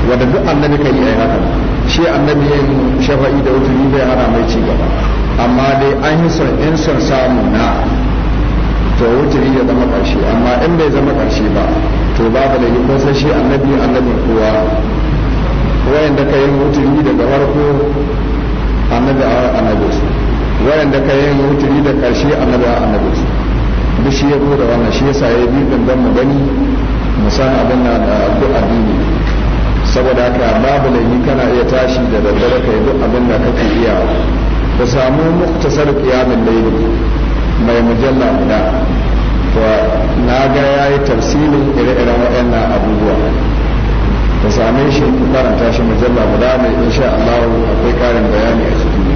wadda duk annabi kai ya yi haka shi annabi yin shafa'i da wuturi bai hana mai ci gaba amma dai an yi son in son samu na to wuturi ya zama karshe amma in bai zama karshe ba to ba ba da yi san shi annabi annabi kowa wayanda ka yi wuturi daga farko annabi a annabi su waɗanda ka yi wuturi da ƙarshe annabi annabi su duk shi ya da wannan shi yasa ya bi din mu gani mu san abin na da duk addini saboda haka babu laifi kana iya tashi da daddare kai yi duk abin da kake iya ka samu muktasar qiyamul layl mai mujalla guda to na ga yayi tafsirin ire-iren waɗannan abubuwa ku same shi ku karanta shi mujalla guda mai insha Allah akwai karin bayani a ciki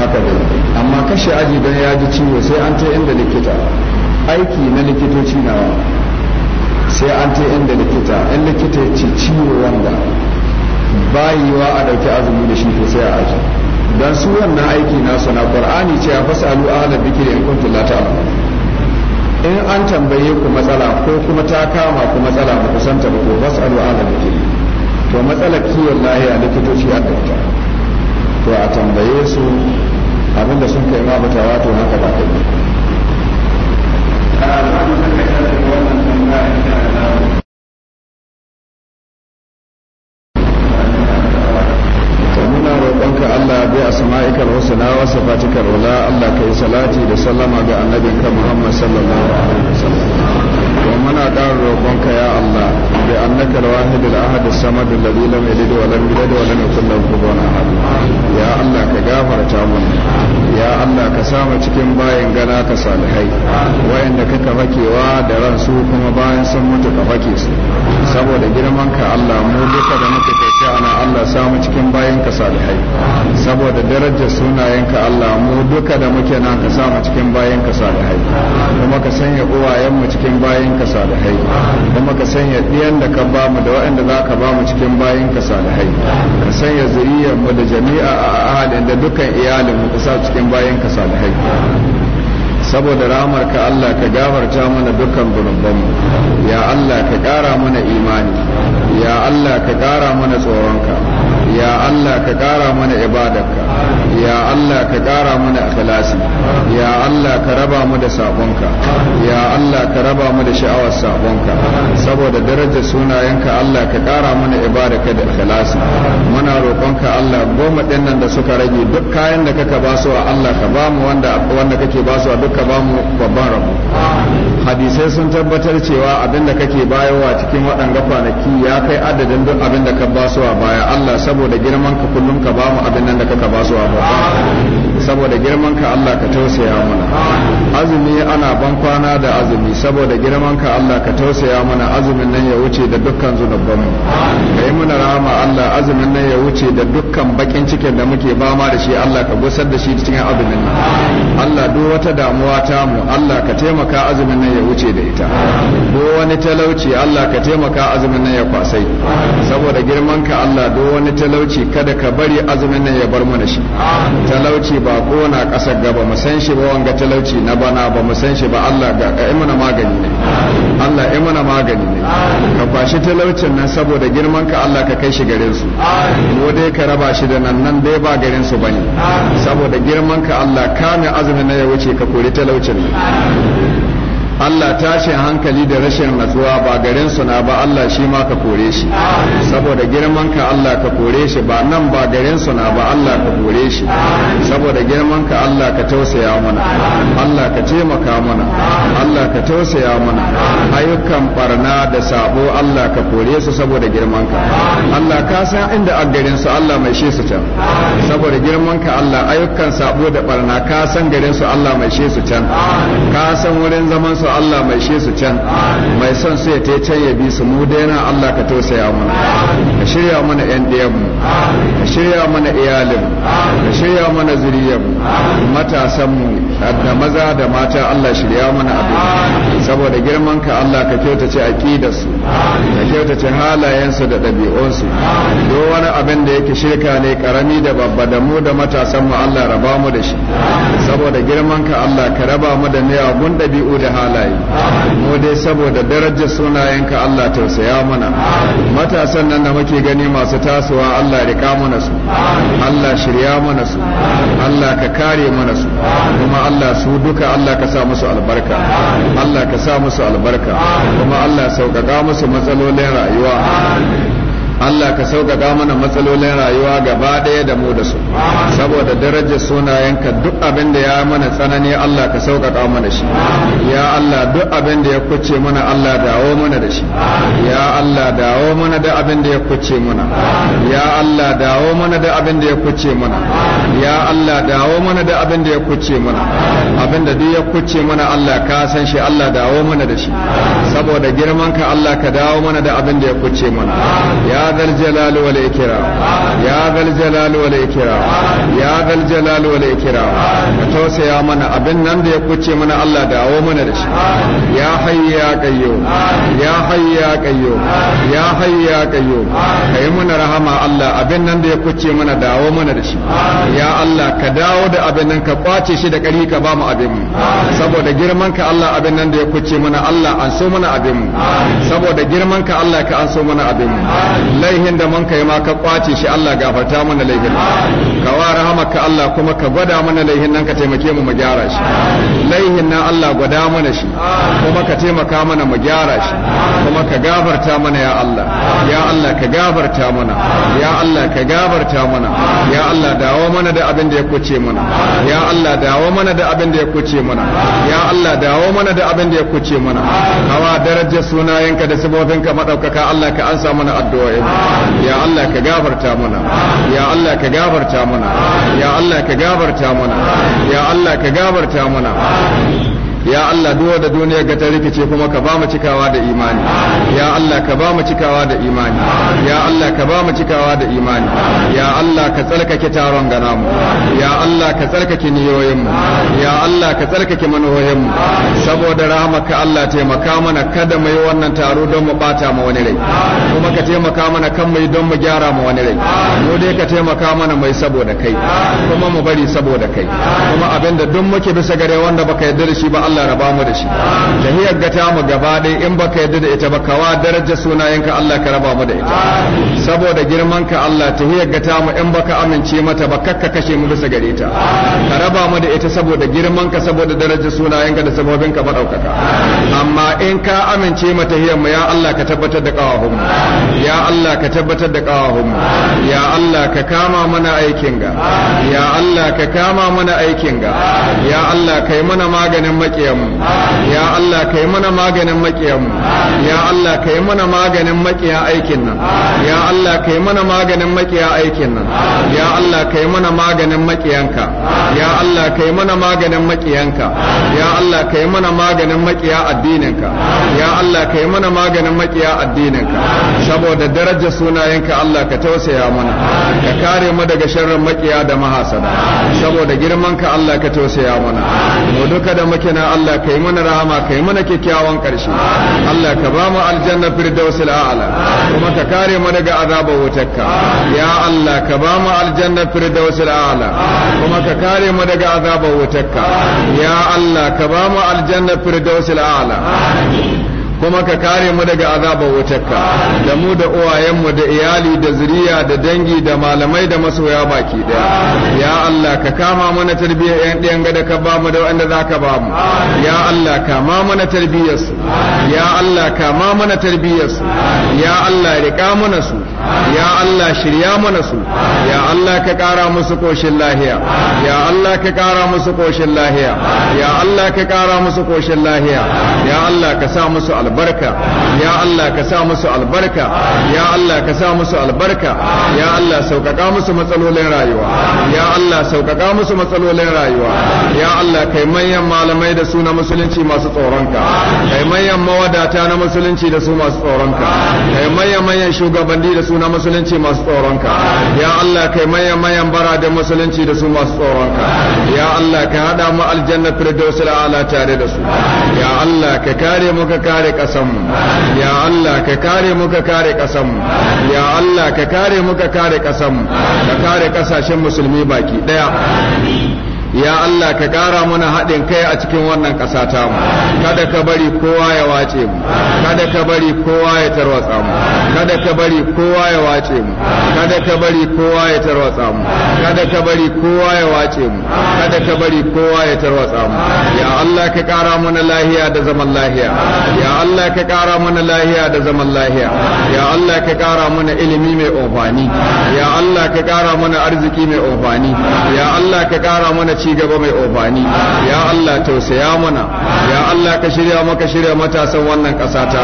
haka dai amma kashe aji don ya ji ciwo sai an ta inda likita aiki na likitoci na sai an ta inda likita in likita ya ce ciwo wanda bayiwa a ɗauki azumi da shi sai a aji don su wannan aiki nasu na qur'ani ce a fasalu ala dhikri in kuntum la ta'lamun in an tambaye ku matsala ko kuma ta kama ku matsala ba ku santa ba ko fasalu ala dhikri to matsalar kiwon lahiya likitoci a ɗauka to a tambaye su da sun kai ma bata wato haka ba kai asma'ikal husna wa sifatikal ula Allah kai salati da sallama ga annabinka Muhammad sallallahu alaihi wasallam muna ƙara roƙonka ya Allah bi annaka al-wahid al-ahad as-samad alladhi lam yalid wa lam yulad wa lam yakul lahu kufuwan ahad ya Allah ka gafarta mana ya Allah ka sa mu cikin bayin gana ka salihai wayanda kaka fakewa da ran su kuma bayan sun mutu ka fake su saboda girman ka Allah mu duka da muke kai ana Allah samu cikin bayan ka salihai saboda darajar sunayenka Allah mu duka da muke nan ka samu cikin bayan ka salihai kuma ka sanya uwayen mu cikin bayan ka salihai kuma ka sanya diyan da ka ba mu da waɗanda za ka ba mu cikin bayan ka salihai ka sanya zuriyar mu da jami'a a ahalin da dukkan iyalin mu ka sa cikin bayan ka salihai saboda ramar ka Allah ka gafarta mana dukkan zunubanmu ya Allah ka ƙara mana imani ya Allah ka ƙara mana tsoronka ya Allah ka ƙara mana ibadarka ya Allah ka ƙara mana ikhlasi ya Allah ka raba mu da sabonka ya Allah ka raba mu da sha'awar sabonka saboda darajar sunayenka Allah ka ƙara mana ibadarka da ikhlasi muna roƙonka Allah goma ɗin nan da suka rage duk kayan da kaka ba a Allah ka wanda kake ba a babban rabo hadisai sun tabbatar cewa abinda kake bayowa cikin waɗanga kwanaki ya kai adadin duk abin da ka basu a baya Allah saboda girman ka kullum ka bamu abin nan da kaka basu a baya saboda girman ka Allah ka tausaya mana azumi ana ban kwana da azumi saboda girman ka Allah ka tausaya mana azumin nan ya wuce da dukkan zunuban mu kai muna rahama Allah azumin nan ya wuce da dukkan bakin cikin da muke bama da shi Allah ka gusar da shi cikin abin nan Allah duk wata damuwa ta mu Allah ka taimaka azumin nan ya wuce da ita ko wani talauci Allah ka taimaka azumin nan ya kwasai saboda girman ka Allah duk wani talauci kada ka bari azumin nan ya bar mana shi talauci ba kona kasar gaba mu san shi ba wanga talauci na bana ba mu san shi ba Allah ga ka imana magani ne Allah imana magani ne ka kwashi talaucin nan saboda girman ka Allah ka kai shi garin su mu dai ka raba shi da nan nan dai ba garin su bane saboda girman ka Allah kame azumin nan ya wuce ka kore talaucin Allah tashin hankali da rashin natsuwa ba garin na ba Allah shi ma ka kore shi saboda girman ka Allah ka kore shi ba nan ba garin na ba Allah ka kore shi saboda girman ka Allah ka tausaya mana Allah ka taimaka mana Allah ka tausaya mana ayyukan barna da sabo Allah ka kore su saboda girman ka Allah ka san inda a garin su Allah mai shi su can saboda girman ka Allah ayyukan sabo da barna ka san garin su Allah mai shi su can ka san wurin zaman su su Allah mai shi su can mai son sai ta can ya bi su mu daina Allah ka tausaya mana ka shirya mana yan ɗayan mu ka shirya mana iyalin ka shirya mana zuriyar mu matasan mu da maza da mata Allah shirya mana abu saboda girman ka Allah ka kyautace aqidar su ka kyautace su da su don wani abin da yake shirka ne karami da babba da mu da matasan mu Allah raba mu da shi saboda girman ka Allah ka raba mu da miyagun ɗabi'u da halaye yi mu dai saboda darajar sunayenka Allah tausaya mana matasan nan da muke gani masu tasowa Allah rika mana su Allah shirya mana su Allah ka kare mana su kuma Allah su duka Allah ka sa musu albarka Allah ka sa musu albarka kuma Allah sauƙaƙa musu matsalolin rayuwa Allah ka sauƙaƙa mana matsalolin rayuwa gaba ɗaya da mu da su saboda darajar sunayenka duk abin da ya mana tsanani Allah ka sauƙaƙa mana shi ya Allah duk abin da ya kuce mana Allah dawo mana da shi ya Allah dawo mana da abin da ya kuce mana ya Allah dawo mana da abin da ya kuce mana ya Allah dawo mana da abin da ya kuce mana abin da duk ya kuce mana Allah ka san shi Allah dawo mana da shi saboda girman ka Allah ka dawo mana da abin da ya kuce mana ya ذا الجلال والإكرام يا ذا الجلال والإكرام يا ذا الجلال والإكرام كتوسي يا من أبن نند يكوتي من الله دعو من رش يا حي يا قيوم يا حي يا قيوم يا حي يا قيوم كي من رحمة الله أبن نند يكوتي من دعو من رش يا الله كداود أبن نند كباتي شد كريك بام أبن saboda girman ka Allah abin nan da ya kuce mana Allah an so mana abin mu saboda girman ka an so mana abin laihin da mun kai ma ka kwace shi Allah gafarta mana laihin ka wa rahamaka Allah kuma ka gwada mana laihin nan ka taimake mu mu gyara shi laihin nan Allah gwada mana shi kuma ka taimaka mana mu gyara shi kuma ka gafarta mana ya Allah ya Allah ka gafarta mana ya Allah ka gafarta mana ya Allah dawo mana da abin da ya kuce mana ya Allah dawo mana da abin da ya kuce mana ya Allah dawo mana da abin da ya kuce mana kawa darajar sunayenka da sabobinka madaukaka Allah ka ansa mana addu'a ya Allah ka gafarta mana ya Allah ka gafarta mana ya Allah ka gafarta mana ya Allah ka gafarta mana ya Allah duwa da duniya ga ta rikice kuma ka ba mu cikawa da imani ya Allah ka ba mu cikawa da imani ya Allah ka ba mu cikawa da imani ya Allah ka tsarkake taron gana mu ya Allah ka tsarkake niyoyin mu ya Allah ka tsarkake manoyin mu saboda rahmaka Allah taimaka mana kada mu yi wannan taro don mu bata mu wani rai kuma ka taimaka mana kan mu don mu gyara mu wani rai mu dai ka taimaka mana mai saboda kai kuma mu bari saboda kai kuma abinda duk muke bisa gare wanda baka yarda da shi ba Allah Allah raba mu da shi tahiyar ga ta mu gaba dai in baka yadda da ita ba kawa daraja sunayenka Allah ka raba mu da ita saboda girman ka Allah tahiyar ga ta mu in baka amince mata ba kakka kashe mu bisa gare ta ka raba mu da ita saboda girman ka saboda daraja sunayenka da sababin ka ba daukaka amma in ka amince mata tahiyar mu ya Allah ka tabbatar da kawahun mu ya Allah ka tabbatar da kawahun mu ya Allah ka kama mana aikin ga ya Allah ka kama mana aikin ga ya Allah kai mana maganin maki makiyanmu ya Allah ka yi mana maganin makiyanmu ya Allah ka yi mana maganin maƙiya aikin nan ya Allah ka yi mana maganin maƙiya aikin nan ya Allah ka yi mana maganin maƙiyanka ya Allah ka yi mana maganin maƙiyanka ya Allah ka yi mana maganin maƙiya addininka ya Allah ka yi mana maganin maƙiya addininka saboda darajar sunayenka Allah ka tausaya mana ka kare mu daga sharrin maƙiya da mahasada saboda girman ka Allah ka tausaya mana mu duka da muke na ya Allah kai mana rahama kai mana kyakkyawan ƙarshe Allah ka ba mu aljanna firdausil a'la kuma ka kare mu daga azabar wutarka ya Allah ka ba mu aljanna firdausil a'la kuma ka kare mu daga azabar wutarka ya Allah ka ba mu aljanna firdausil a'la amin kuma ka kare mu daga azabar wutarka da mu da uwayenmu da iyali da zuriya da dangi da malamai da masoya baki daya ya Allah ka kama mana tarbiyyar yan ɗayan gada ka ba mu da wanda za ka ba mu ya Allah kama mana tarbiyyar su ya Allah kama mana tarbiyyar su ya Allah riƙa mana su ya Allah shirya mana su ya Allah ka ƙara musu koshin lahiya ya Allah ka ƙara musu koshin lahiya ya Allah ka ƙara musu koshin lahiya ya Allah ka sa musu albarka ya Allah ka sa musu albarka ya Allah ka sa musu albarka ya Allah sauƙaƙa musu matsalolin rayuwa ya Allah sauƙaƙa musu matsalolin rayuwa ya Allah kai manyan malamai da su na musulunci masu tsoronka kai manyan mawadata na musulunci da su masu tsoronka kai manyan manyan shugabanni da su na musulunci masu tsoronka ya Allah kai manyan manyan bara musulunci da su masu tsoronka ya Allah ka hada mu aljanna firdausul ala tare da su ya Allah ka kare mu ka kare ƙasanmu ya Allah ka kare mu ka kare ƙasanmu ya Allah ka kare mu ka kare ƙasanmu ka kare ƙasashen musulmi baki ɗaya ya Allah ka ƙara mana haɗin kai a cikin wannan ƙasa ta mu kada ka bari kowa ya wace mu kada ka bari kowa ya tarwatsa mu kada ka bari kowa ya wace mu kada ka bari kowa ya tarwatsa mu kada ka bari kowa ya wace mu kada ka bari kowa ya tarwatsa mu ya Allah ka ƙara mana lahiya da zaman lahiya ya Allah ka ƙara mana lahiya da zaman lahiya ya Allah ka ƙara mana ilimi mai amfani ya Allah ka ƙara mana arziki mai amfani ya Allah ka ƙara mana ci gaba mai ofani ya Allah tausaya mana ya Allah ka shirya maka shirya matasan wannan ƙasa ta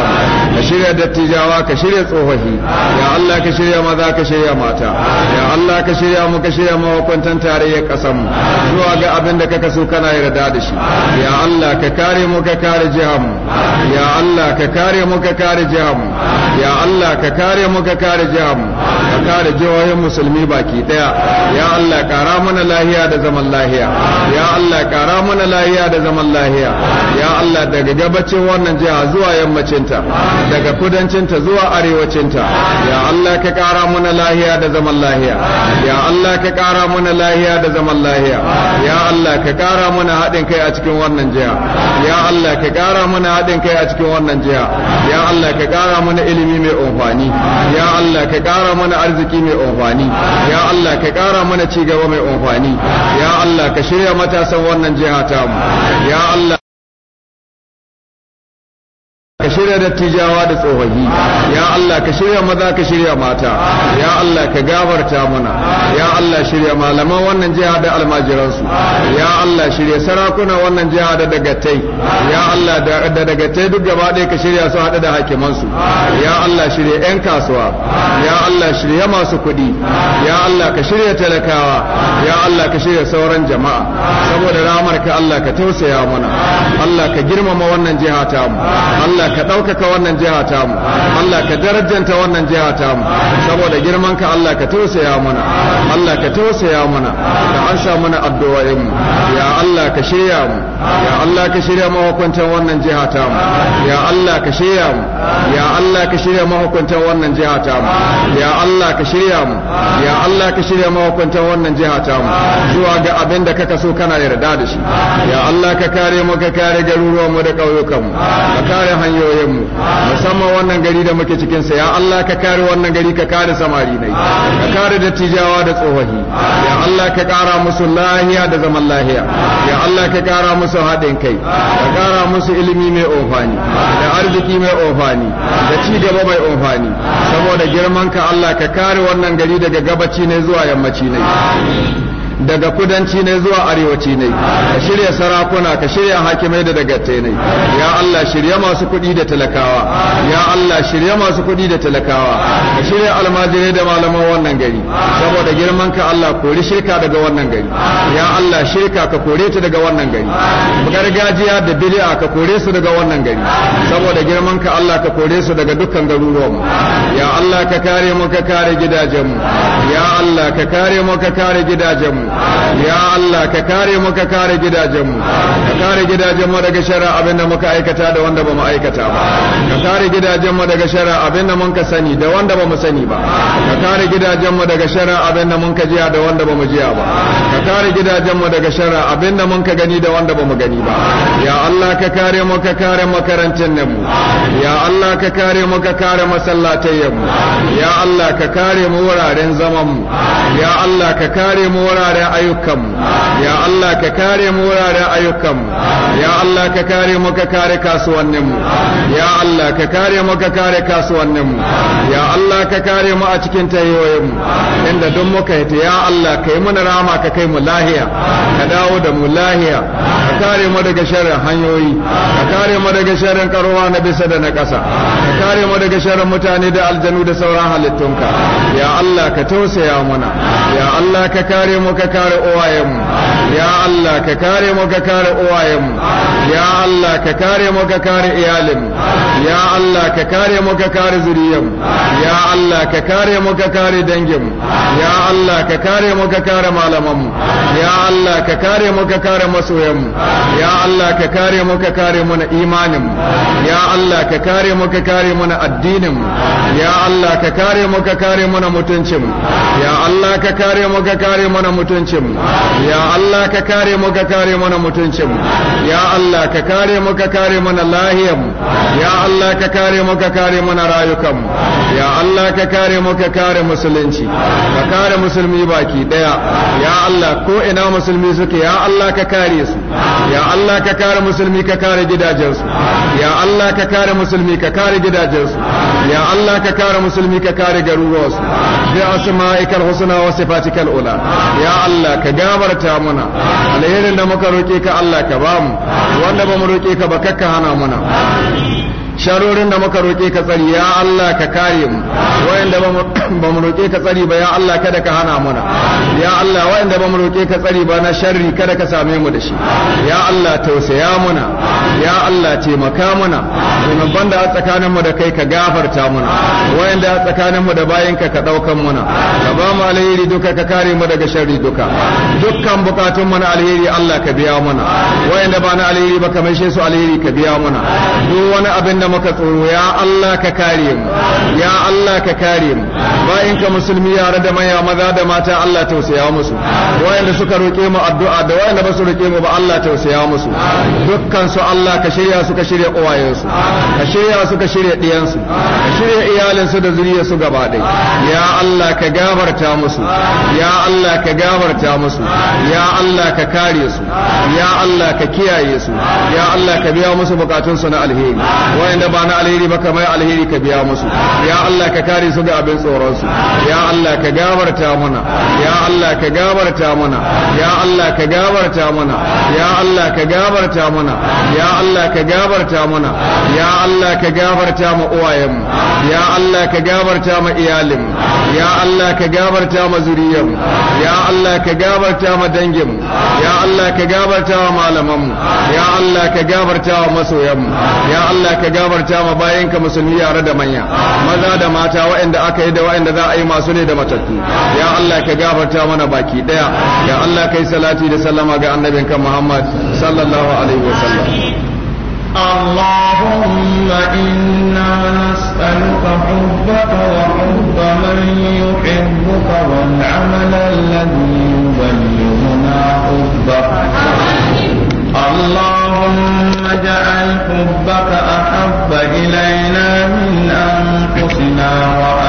ka shirya dattijawa ka shirya tsofaffi ya Allah ka shirya maza ka shirya mata ya Allah ka shirya mu ka shirya mawakwantan tarayyar ƙasar mu zuwa ga abin da kaka so kana yarda da shi ya Allah ka kare mu ka kare jihar mu ya Allah ka kare mu ka kare jihar mu ya Allah ka kare mu ka kare jihar mu ka kare jihohin musulmi baki daya ya Allah kara mana lahiya da zaman lahiya ya Allah kara mana lahiya da zaman lahiya ya Allah daga gabacin wannan jiha zuwa yammacinta daga kudancinta zuwa arewacinta ya Allah ka kara mana lahiya da zaman lahiya ya Allah ka kara mana lahiya da zaman lahiya ya Allah ka kara mana haɗin kai a cikin wannan jiha ya Allah ka kara mana haɗin kai a cikin wannan jiha ya Allah ka kara mana ilimi mai amfani ya Allah ka kara mana arziki mai amfani ya Allah ka kara mana cigaba mai amfani ya Allah Allah ka shirya matasan wannan jiha tamu ya Allah ka shirya dattijawa da tsohaji ya Allah ka shirya maza ka shirya mata ya Allah ka gabarta mana ya Allah shirya malaman wannan jiha da almajiransu ya Allah shirya sarakuna wannan jiha da dagatai ya Allah da dagatai duk gaba ɗaya ka shirya su haɗu da hakimansu ya shirya 'yan kasuwa ya Allah shirya masu kuɗi ya Allah ka shirya talakawa ya Allah ka shirya sauran jama'a saboda ramar ka Allah ka tausaya mana Allah ka girmama wannan jiha tamu Allah ka ɗaukaka wannan jiha tamu Allah ka darajanta wannan jiha tamu saboda girman ka Allah ka tausaya mana Allah ka tausaya mana ka ansa mana addu'o'in mu ya Allah ka shirya mu ya Allah ka shirya mahukuntan wannan jiha tamu ya Allah ka shirya mu ya Allah ka shirya mahukuntan wannan jiha ta mu ya Allah ka shirya mu ya Allah ka shirya mahukuntan wannan jiha ta mu zuwa ga abin da kaka so kana yarda da shi ya Allah ka kare mu ka kare garuruwan mu da ƙauyukan mu ka kare hanyoyin mu musamman wannan gari da muke cikin sa ya Allah ka kare wannan gari ka kare samari nai ka kare dattijawa da tsohahi ya Allah ka kara musu lahiya da zaman lahiya ya Allah ka kara musu haɗin kai ka kara musu ilimi mai ofani da arziki mai ofani da ci gaba mai ofani amfani saboda girman ka Allah ka kare wannan gari daga gabaci ne zuwa yammaci ne daga kudanci ne zuwa arewaci ne ka shirya sarakuna ka shirya hakimai da dagatai ne ya Allah shirya masu kuɗi da talakawa ya Allah shirya masu kuɗi da talakawa ka shirya almajirai da malaman wannan gari saboda girman ka Allah kori shirka daga wannan gari ya Allah shirka ka kore ta daga wannan gari gargajiya da bid'a ka kore su daga wannan gari saboda girman ka Allah ka kore su daga dukkan garuruwan ya Allah ka kare mu ka kare gidajen mu. ya Allah ka kare mu ka kare gidajen mu. ya Allah ka kare mu ka kare gidajenmu ka kare gidajenmu daga shara abin da muka aikata da wanda ba mu aikata ba ka kare gidajenmu daga shara abin da mun ka sani da wanda ba mu sani ba ka kare gidajenmu daga shara abin da mun ka jiya da wanda ba mu jiya ba ka kare gidajenmu daga shara abin da mun ka gani da wanda ba mu gani ba ya Allah ka kare mu ka kare makarantun mu ya Allah ka kare mu ka kare masallatayen mu ya Allah ka kare mu wuraren zaman mu ya Allah ka kare mu wuraren ayyukanmu ya Allah ka kare mu wuraren ayyukanmu ya Allah ka kare mu ka kare kasuwanninmu ya Allah ka kare mu ka kare kasuwanninmu ya Allah ka kare mu a cikin tayoyinmu inda duk muka yi ya Allah kai mana rama ka kai mu lahiya ka dawo da mu lahiya ka kare mu daga sharrin hanyoyi ka kare mu daga sharrin karuwa na bisa da na ƙasa ka kare mu daga sharrin mutane da aljanu da sauran halittunka ya Allah ka tausaya mana ya Allah ka kare mu ka uwayenmu ya Allah ka kare mu ka kare uwayenmu ya Allah ka kare mu ka kare iyalinmu ya Allah ka kare mu ka kare zuriyarmu ya Allah ka kare mu ka kare danginmu ya Allah ka kare mu ka kare malamanmu ya Allah ka kare mu ka kare masoyanmu ya Allah ka kare mu ka kare mana imaninmu ya Allah ka kare mu ka kare mana addininmu ya Allah ka kare mu ka kare mana mutuncinmu ya Allah ka kare mu ka kare mana mutuncinmu mutuncinmu ya Allah ka kare mu ka kare mana mutuncinmu ya Allah ka kare mu ka kare mana lahiyam ya Allah ka kare mu ka kare mana rayukanmu ya Allah ka kare mu ka kare musulunci ka kare musulmi baki daya ya Allah ko ina musulmi suke ya Allah ka kare su ya Allah ka kare musulmi ka kare gidajensu ya Allah ka kare musulmi ka kare gidajensu ya Allah ka kare musulmi ka kare garuruwa garuruwarsu bi asma'ikal husna wa sifatikal ula ya Allah ka gabarta mana alherin da muka roƙe ka Allah ka bamu wanda ba mu roƙe ka ba kakka hana mana sharorin da muka roƙe ka tsari ya Allah ka kare mu wayanda ba mu roƙe ka tsari ba ya Allah kada ka hana muna ya Allah wayanda ba mu roƙe ka tsari ba na sharri kada ka same mu da shi ya Allah tausaya muna ya Allah taimaka muna zunuban da a tsakaninmu da kai ka gafarta muna wayanda a tsakaninmu da bayin ka ɗaukan muna ka ba mu alheri duka ka kare mu daga sharri duka dukkan bukatun mu na alheri Allah ka biya muna wayanda ba na alheri ba kamar shi su alheri ka biya muna duk wani abin da maka tsoro ya Allah ka kare mu ya Allah ka kare mu bayan ka musulmi yare da maya maza da mata Allah tausaya musu wayanda suka roƙe mu addu'a da wayanda ba su roƙe mu ba Allah tausaya musu dukkan su Allah ka shirya su ka shirya uwayen su ka shirya su ka shirya diyan su ka shirya iyalin su da zuriyar su gaba ɗaya ya Allah ka gabarta musu ya Allah ka gabarta musu ya Allah ka kare su ya Allah ka kiyaye su ya Allah ka biya musu bukatun su na alheri wayanda da ba na alheri ba kamar alheri ka biya musu ya Allah ka kare su ga abin tsoron su ya Allah ka gabarta mana ya Allah ka gabarta mana ya Allah ka gabarta mana ya Allah ka gabarta mana ya Allah ka gabarta mana ya Allah ka gabarta ma uwayen ya Allah ka gabarta ma iyalin ya Allah ka gabarta ma zuriyar ya Allah ka gabarta ma dangin ya Allah ka gabarta ma malaman ya Allah ka gabarta ma masoyan ya Allah ka gafarta ma bayan ka musulmi yare da manya maza da mata waɗanda aka yi da waɗanda za a yi masu ne da matattu ya Allah ka gafarta mana baki daya ya Allah kai salati da sallama ga annabinka Muhammad sallallahu alaihi wasallam اللهم إنا نسألك حبك وحب من يحبك والعمل الذي اللهم اجعل حبك أحب إلينا من أنفسنا وأحب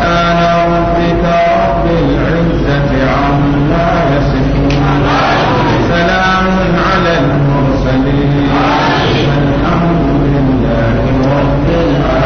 سبحان ربك رب العزة عما يصفون سلام على المرسلين والحمد لله رب العالمين